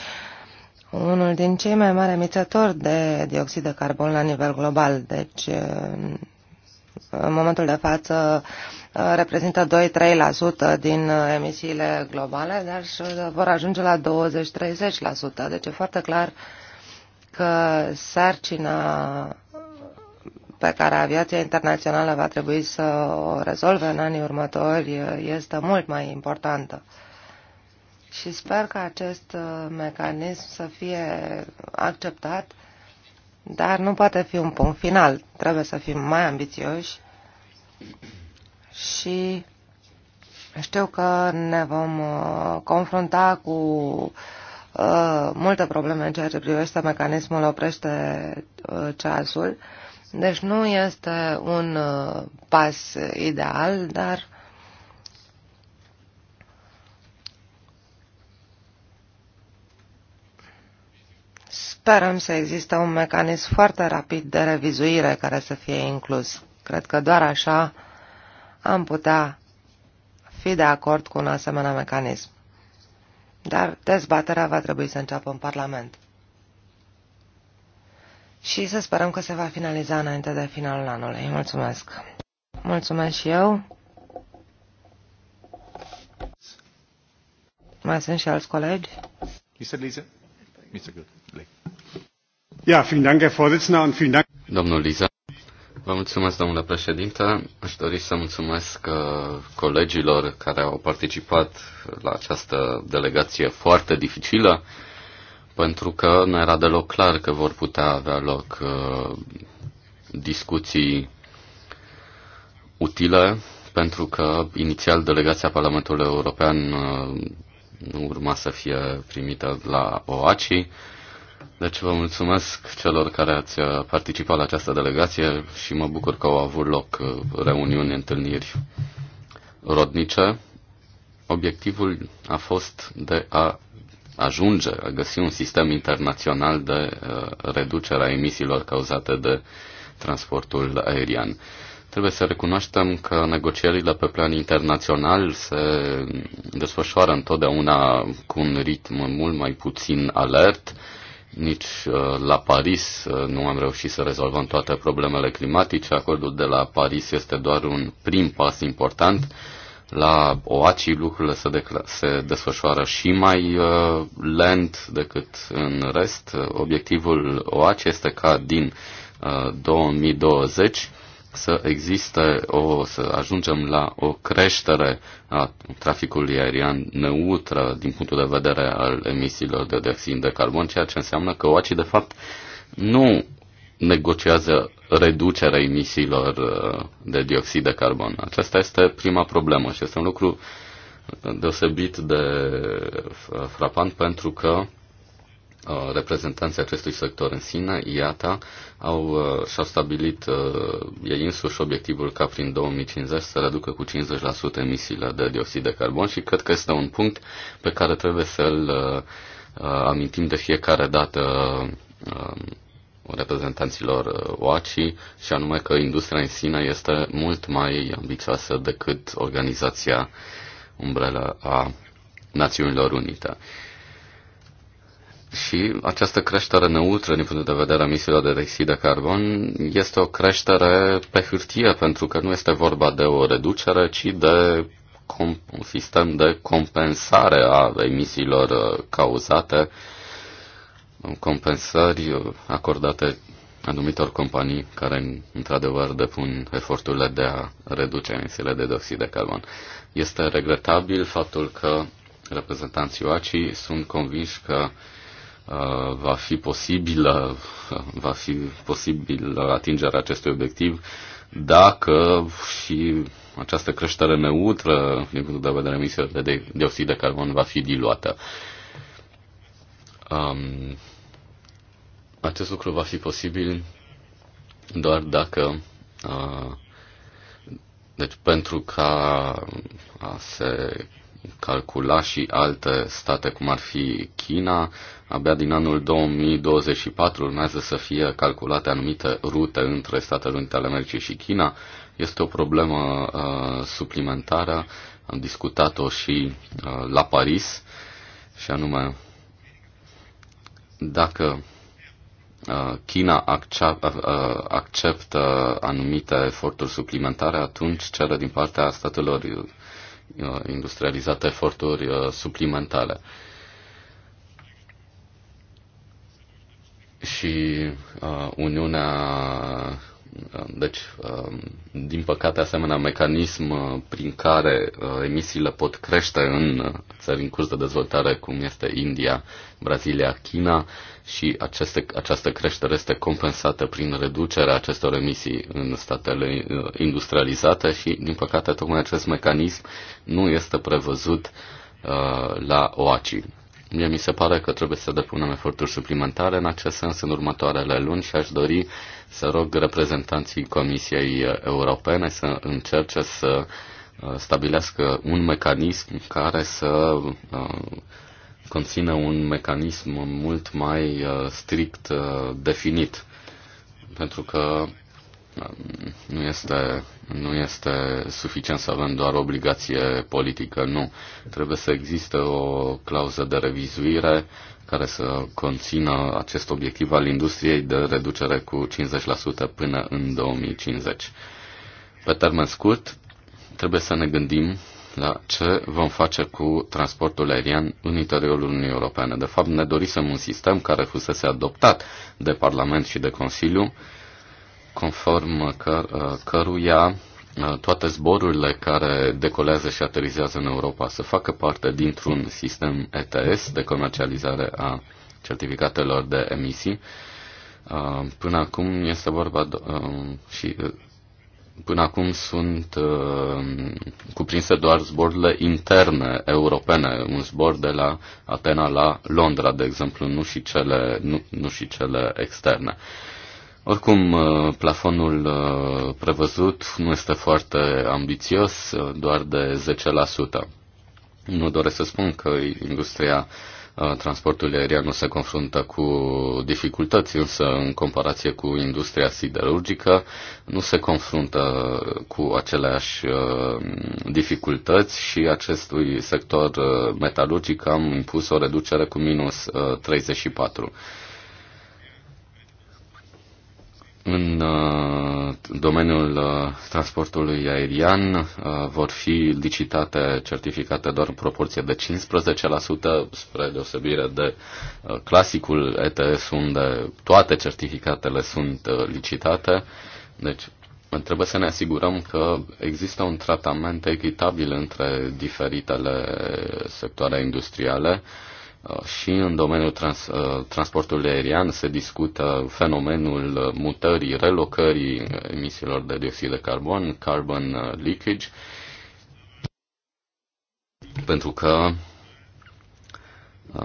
[SPEAKER 4] unul din cei mai mari emițători de dioxid de carbon la nivel global. Deci uh, în momentul de față uh, reprezintă 2-3% din uh, emisiile globale, dar uh, vor ajunge la 20-30%. Deci e foarte clar că sarcina pe care aviația internațională va trebui să o rezolve în anii următori este mult mai importantă. Și sper că acest mecanism să fie acceptat, dar nu poate fi un punct final. Trebuie să fim mai ambițioși și știu că ne vom uh, confrunta cu uh, multe probleme în ceea ce privește mecanismul oprește uh, ceasul. Deci nu este un pas ideal, dar sperăm să existe un mecanism foarte rapid de revizuire care să fie inclus. Cred că doar așa am putea fi de acord cu un asemenea mecanism. Dar dezbaterea va trebui să înceapă în Parlament. Și să sperăm că se va finaliza înainte de finalul anului. Mulțumesc! Mulțumesc și eu! Mai sunt și alți colegi? Mr. Lise? Mr. Good. Ja, vielen Dank, Herr
[SPEAKER 2] Vorsitzender, und vielen Dank. Domnul Lise. Vă mulțumesc, domnule președinte. Aș dori să mulțumesc uh, colegilor care au participat la această delegație foarte dificilă, pentru că nu era deloc clar că vor putea avea loc uh, discuții utile, pentru că inițial delegația Parlamentului European uh, nu urma să fie primită la OACI deci vă mulțumesc celor care ați uh, participat la această delegație și mă bucur că au avut loc uh, reuniuni, întâlniri rodnice. Obiectivul a fost de a ajunge a găsi un sistem internațional de uh, reducere a emisiilor cauzate de transportul aerian. Trebuie să recunoaștem că negocierile pe plan internațional se desfășoară întotdeauna cu un ritm mult mai puțin alert, nici uh, la Paris uh, nu am reușit să rezolvăm toate problemele climatice. Acordul de la Paris este doar un prim pas important. La OACI lucrurile se, decla- se desfășoară și mai uh, lent decât în rest. Obiectivul OACI este ca din uh, 2020 să existe o, să ajungem la o creștere a traficului aerian neutră din punctul de vedere al emisiilor de dioxid de carbon, ceea ce înseamnă că OACI de fapt nu negociază reducerea emisiilor uh, de dioxid de carbon. Aceasta este prima problemă și este un lucru deosebit de uh, frapant pentru că Uh, reprezentanții acestui sector în sine, IATA, au, uh, și-au stabilit uh, ei însuși obiectivul ca prin 2050 să reducă cu 50% emisiile de dioxid de carbon și cred că este un punct pe care trebuie să-l uh, uh amintim de fiecare dată um, uh, reprezentanților OACI și anume că industria în sine este mult mai ambițioasă decât organizația umbrelă a Națiunilor Unite. Uh, și această creștere neutră din punct de vedere a emisiilor de dioxid de carbon este o creștere pe hârtie, pentru că nu este vorba de o reducere, ci de un sistem de compensare a emisiilor uh, cauzate, uh, compensări uh, acordate anumitor companii care, într-adevăr, depun eforturile de a reduce emisiile de dioxid de carbon. Este regretabil faptul că reprezentanții OACI sunt convinși că uh, Uh, va fi posibilă, va fi posibil atingerea acestui obiectiv dacă și această creștere neutră din punctul de vedere emisiilor de dioxid de carbon va fi diluată. Um, acest lucru va fi posibil doar dacă uh, deci pentru ca a se calcula și alte state, cum ar fi China, abia din anul 2024 urmează să fie calculate anumite rute între Statele Unite ale Americii și China. Este o problemă uh, suplimentară, am discutat-o și uh, la Paris, și anume dacă uh, China uh, uh, acceptă anumite eforturi suplimentare, atunci cere din partea statelor Uh, industrializat eforturi uh, suplimentare. Și uh, Uniunea Um, deci, um, din păcate, asemenea mecanism uh, prin care uh, emisiile pot crește în uh, țări în curs de dezvoltare, cum este India, Brazilia, China, și aceste, această creștere este compensată prin reducerea acestor emisii în statele industrializate și, din păcate, tocmai acest mecanism nu este prevăzut la OACI. Mie mi se pare că trebuie să depunem eforturi suplimentare în acest sens în următoarele luni și aș dori să rog reprezentanții Comisiei Europene să încerce să uh, stabilească un mecanism care să uh, conțină un mecanism mult mai uh, strict definit. Pentru că nu este, nu este suficient să avem doar obligație politică, nu. Trebuie să existe o clauză de revizuire care să conțină acest obiectiv al industriei de reducere cu 50% până în 2050. Pe termen scurt, trebuie să ne gândim la ce vom face cu transportul aerian în interiorul Uniunii Europene. De fapt, ne dorisem un sistem care fusese adoptat de Parlament și de Consiliu, conform căr, uh, căruia uh, toate zborurile care decolează și aterizează în Europa să facă parte dintr-un sistem ETS de comercializare a certificatelor de emisii. Uh, până acum este vorba și până acum sunt cuprinse doar zborurile interne europene, un zbor de la Atena la Londra, de exemplu, nu și cele, nu, nu și cele externe. Oricum, uh, plafonul uh, prevăzut nu este foarte ambițios, uh, doar de 10%. Nu doresc să spun că industria transportului aerian nu se confruntă cu dificultăți, însă în comparație cu industria siderurgică nu se confruntă cu aceleași dificultăți și acestui sector metalurgic am impus o reducere cu minus 34 în uh, domeniul uh, transportului aerian uh, vor fi licitate certificate doar în proporție de 15%, spre deosebire de clasicul ETS, unde toate certificatele sunt licitate. Deci trebuie să ne asigurăm că există un tratament echitabil între diferitele sectoare industriale Uh, și în domeniul trans, uh, transportului aerian se discută fenomenul mutării, relocării emisiilor de dioxid de carbon, carbon uh, leakage, pentru că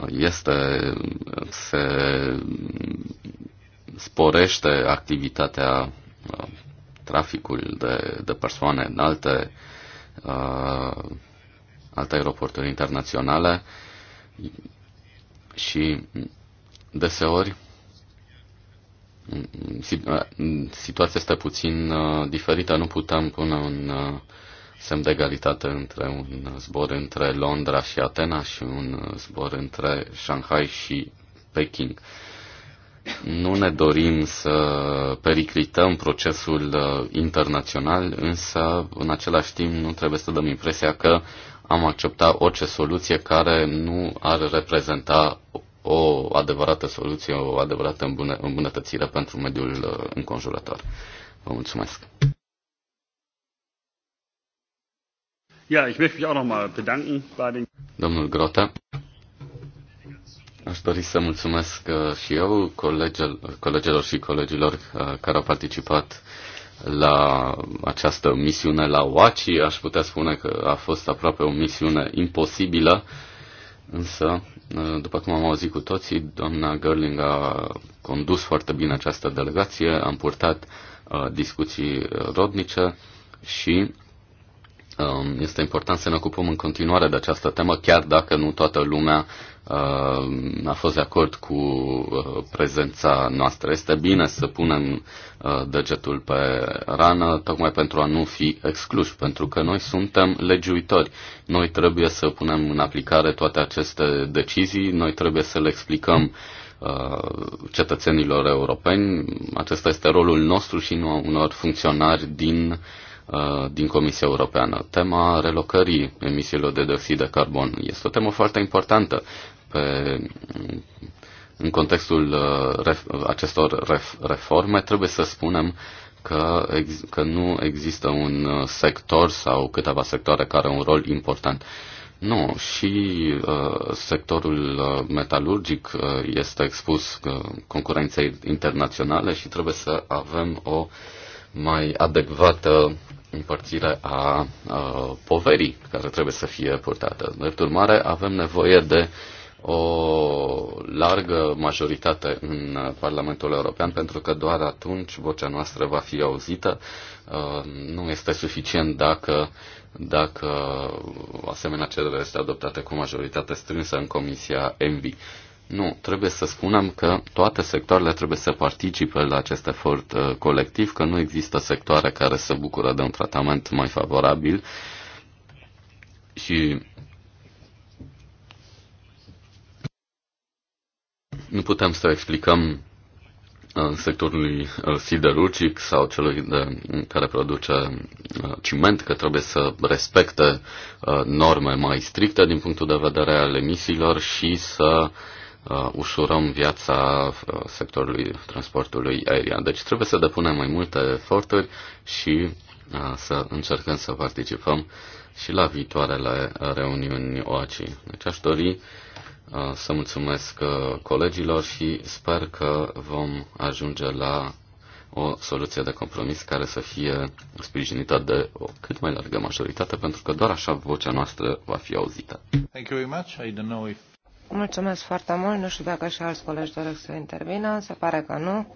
[SPEAKER 2] este, se sporește activitatea, traficul de, de persoane în alte, alte aeroporturi internaționale, și deseori situația este puțin uh, diferită, nu putem pune un uh, semn de egalitate între un zbor între Londra și Atena și un uh, zbor între Shanghai și Peking. Nu ne dorim să periclităm procesul internațional, însă în același timp nu trebuie să dăm impresia că am accepta orice soluție care nu ar reprezenta o adevărată soluție, o adevărată îmbună, îmbunătățire pentru mediul uh, înconjurător. Vă mulțumesc. Ja, ich möchte mich auch nochmal bedanken bei den Domnul Grota. Aș dori să mulțumesc uh, și eu colegel, colegilor și colegilor uh, care au participat la această misiune la OACI. Aș putea spune că a fost aproape o misiune imposibilă, însă, după cum am auzit cu toții, doamna Gerling a condus foarte bine această delegație, am purtat uh, discuții rodnice și Um, este important să ne ocupăm în continuare de această temă, chiar dacă nu toată lumea uh, a fost de acord cu uh, prezența noastră. Este bine să punem uh, degetul pe rană, tocmai pentru a nu fi excluși, pentru că noi suntem legiuitori. Noi trebuie să punem în aplicare toate aceste decizii, noi trebuie să le explicăm cetățenilor europeni. Acesta este rolul nostru și nu a unor funcționari din uh, Uh, din Comisia Europeană. Tema relocării emisiilor de dioxid de carbon este o temă foarte importantă pe, în contextul uh, ref, acestor ref, reforme. Trebuie să spunem că, ex, că nu există un uh, sector sau câteva sectoare care au un rol important. Nu, și uh, sectorul metalurgic uh, este expus uh, concurenței internaționale și trebuie să avem o mai adecvată împărțire a uh, poverii care trebuie să fie purtată. Drept urmare, avem nevoie de o largă majoritate în Parlamentul European, pentru că doar atunci vocea noastră va fi auzită. nu este suficient dacă, dacă asemenea cerere este adoptată cu majoritate strânsă în Comisia ENVI. Nu, trebuie să spunem că toate sectoarele trebuie să participe la acest efort uh, colectiv, că nu există sectoare care se bucură de un tratament mai favorabil și nu putem să explicăm uh, sectorului uh, siderurgic sau celui de, mm, care produce uh, ciment, că trebuie să respecte norme mai stricte din punctul de vedere al emisiilor și să uh, ușurăm viața uh, sectorului transportului aerian. Deci trebuie să depunem mai multe eforturi și uh, să încercăm să participăm și la viitoarele reuniuni OACI. Deci aș dori uh, să mulțumesc uh, colegilor și sper că vom ajunge la o soluție de compromis care să fie sprijinită de o cât mai largă majoritate, pentru că doar așa vocea noastră va fi auzită.
[SPEAKER 1] Thank you very much. I don't know if...
[SPEAKER 4] Mulțumesc foarte mult. Nu știu dacă și alți colegi doresc să intervină. Se pare că nu.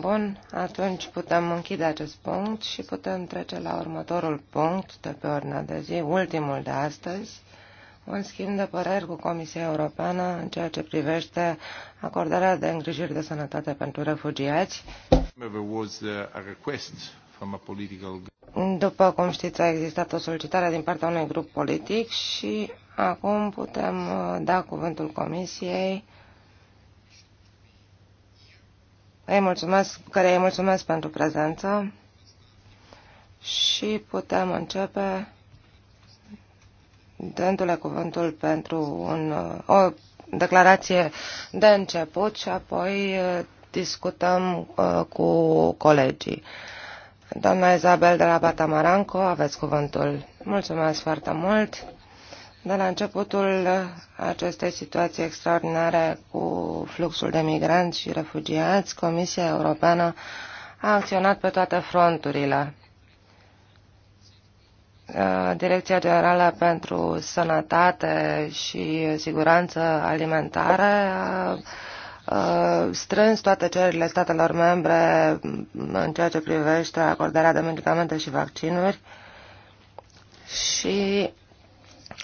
[SPEAKER 4] Bun, atunci putem închide acest punct și putem trece la următorul punct de pe ordinea de zi, ultimul de astăzi, un schimb de păreri cu Comisia Europeană în ceea ce privește acordarea de îngrijiri de sănătate pentru refugiați după cum știți, a existat o solicitare din partea unui grup politic și acum putem uh, da cuvântul Comisiei. Îi mulțumesc, care îi mulțumesc pentru prezență și putem începe dându-le cuvântul pentru un, uh, o declarație de început și apoi uh, discutăm cu colegii. Doamna Isabel de la Batamaranco, aveți cuvântul. Mulțumesc foarte mult. De la începutul acestei situații extraordinare cu fluxul de migranți și refugiați, Comisia Europeană a acționat pe toate fronturile. Uh, Direcția Generală pentru Sănătate și Siguranță Alimentară a Uh, strâns toate cererile statelor membre în ceea ce privește acordarea de medicamente și vaccinuri și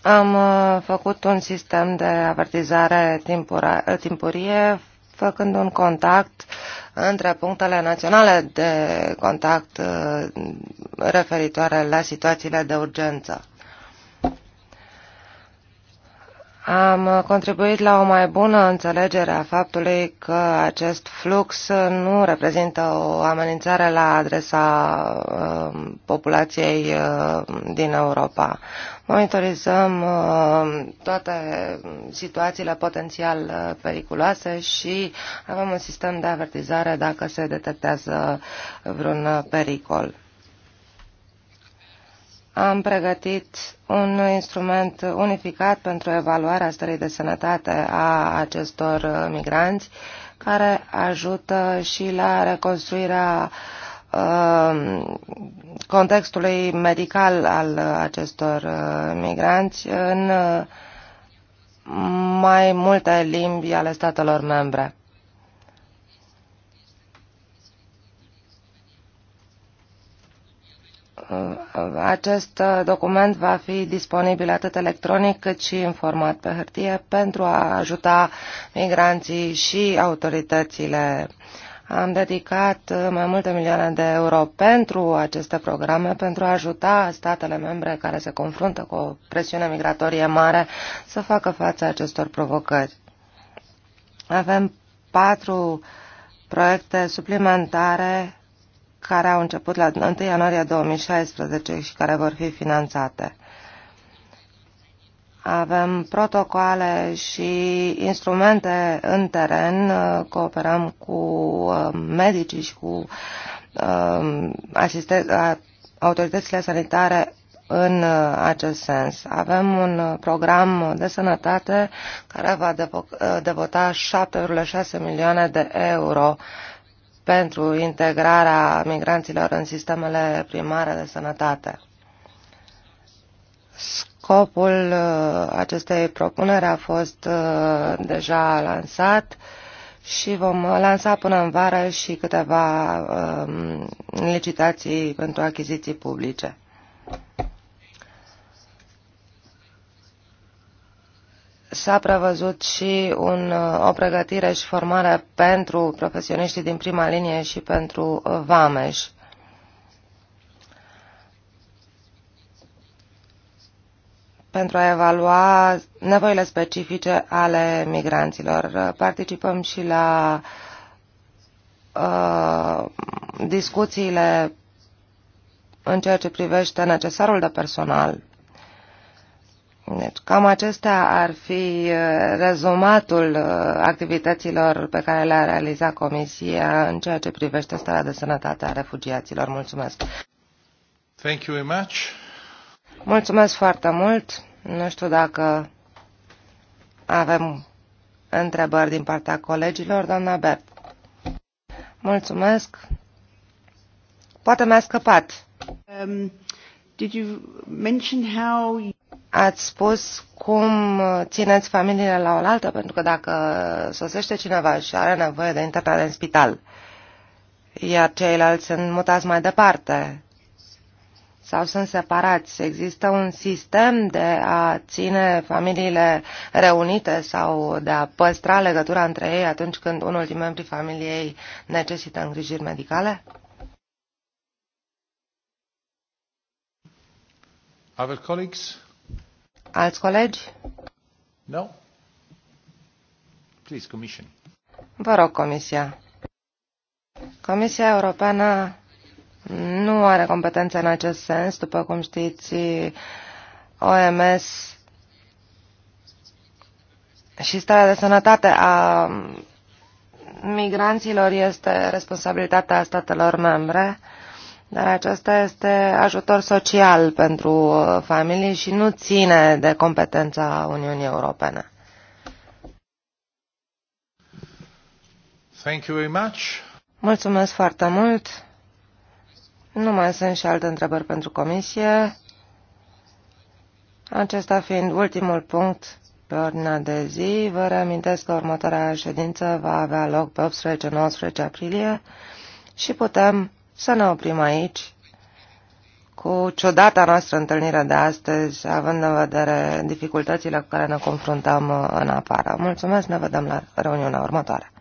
[SPEAKER 4] am uh, făcut un sistem de avertizare uh, timpurie făcând un contact între punctele naționale de contact referitoare la situațiile de urgență. Am contribuit la o mai bună înțelegere a faptului că acest flux nu reprezintă o amenințare la adresa um, populației uh, din Europa. Monitorizăm uh, toate situațiile potențial uh, periculoase și avem un sistem de avertizare dacă se detectează vreun pericol am pregătit un instrument unificat pentru evaluarea stării de sănătate a acestor uh, migranți, care ajută și la reconstruirea uh, contextului medical al acestor uh, migranți în mai multe limbi ale statelor membre. Uh, acest uh, document va fi disponibil atât electronic cât și în format pe hârtie pentru a ajuta migranții și autoritățile. Am dedicat uh, mai multe milioane de euro pentru aceste programe, pentru a ajuta statele membre care se confruntă cu o presiune migratorie mare să facă față acestor provocări. Avem patru proiecte suplimentare care au început la 1 ianuarie 2016 și care vor fi finanțate. Avem protocoale și instrumente în teren, cooperăm cu um, medicii și cu um, autoritățile sanitare în uh, acest sens. Avem un program de sănătate care va uh, devota 7,6 milioane de euro pentru integrarea migranților în sistemele primare de sănătate. Scopul uh, acestei propuneri a fost uh, deja lansat și vom uh, lansa până în vară și câteva um, licitații pentru achiziții publice. s-a prevăzut și un, o pregătire și formare pentru profesioniștii din prima linie și pentru uh, vameș. pentru a evalua nevoile specifice ale migranților. Uh, participăm și la uh, discuțiile în ceea ce privește necesarul de personal deci cam acesta ar fi uh, rezumatul uh, activităților pe care le-a realizat Comisia în ceea ce privește starea de sănătate a refugiaților. Mulțumesc!
[SPEAKER 1] Thank you very much.
[SPEAKER 4] Mulțumesc foarte mult! Nu știu dacă avem întrebări din partea colegilor. Doamna Bert. Mulțumesc! Poate mi-a scăpat. Um, did you mention how ați spus cum uh, țineți familiile la oaltă, pentru că dacă sosește cineva și are nevoie de internare în spital, iar ceilalți sunt mutați mai departe sau sunt separați, există un sistem de a ține familiile reunite sau de a păstra legătura între ei atunci când unul din membrii familiei necesită îngrijiri medicale?
[SPEAKER 1] Other colleagues?
[SPEAKER 4] Alți colegi?
[SPEAKER 1] No. Please, Commission.
[SPEAKER 4] Vă rog, Comisia. Comisia Europeană nu are competențe în acest sens. După cum știți, OMS și starea de sănătate a migranților este responsabilitatea statelor membre. Dar acesta este ajutor social pentru uh, familii și nu ține de competența Uniunii Europene.
[SPEAKER 1] Thank you very much.
[SPEAKER 4] Mulțumesc foarte mult. Nu mai sunt și alte întrebări pentru comisie. Acesta fiind ultimul punct pe ordinea de zi, vă reamintesc că următoarea ședință va avea loc pe 18-19 aprilie și putem să ne oprim aici cu ciudata noastră întâlnire de astăzi, având în vedere dificultățile cu care ne confruntăm uh, în afară. Mulțumesc, ne vedem la reuniunea următoare.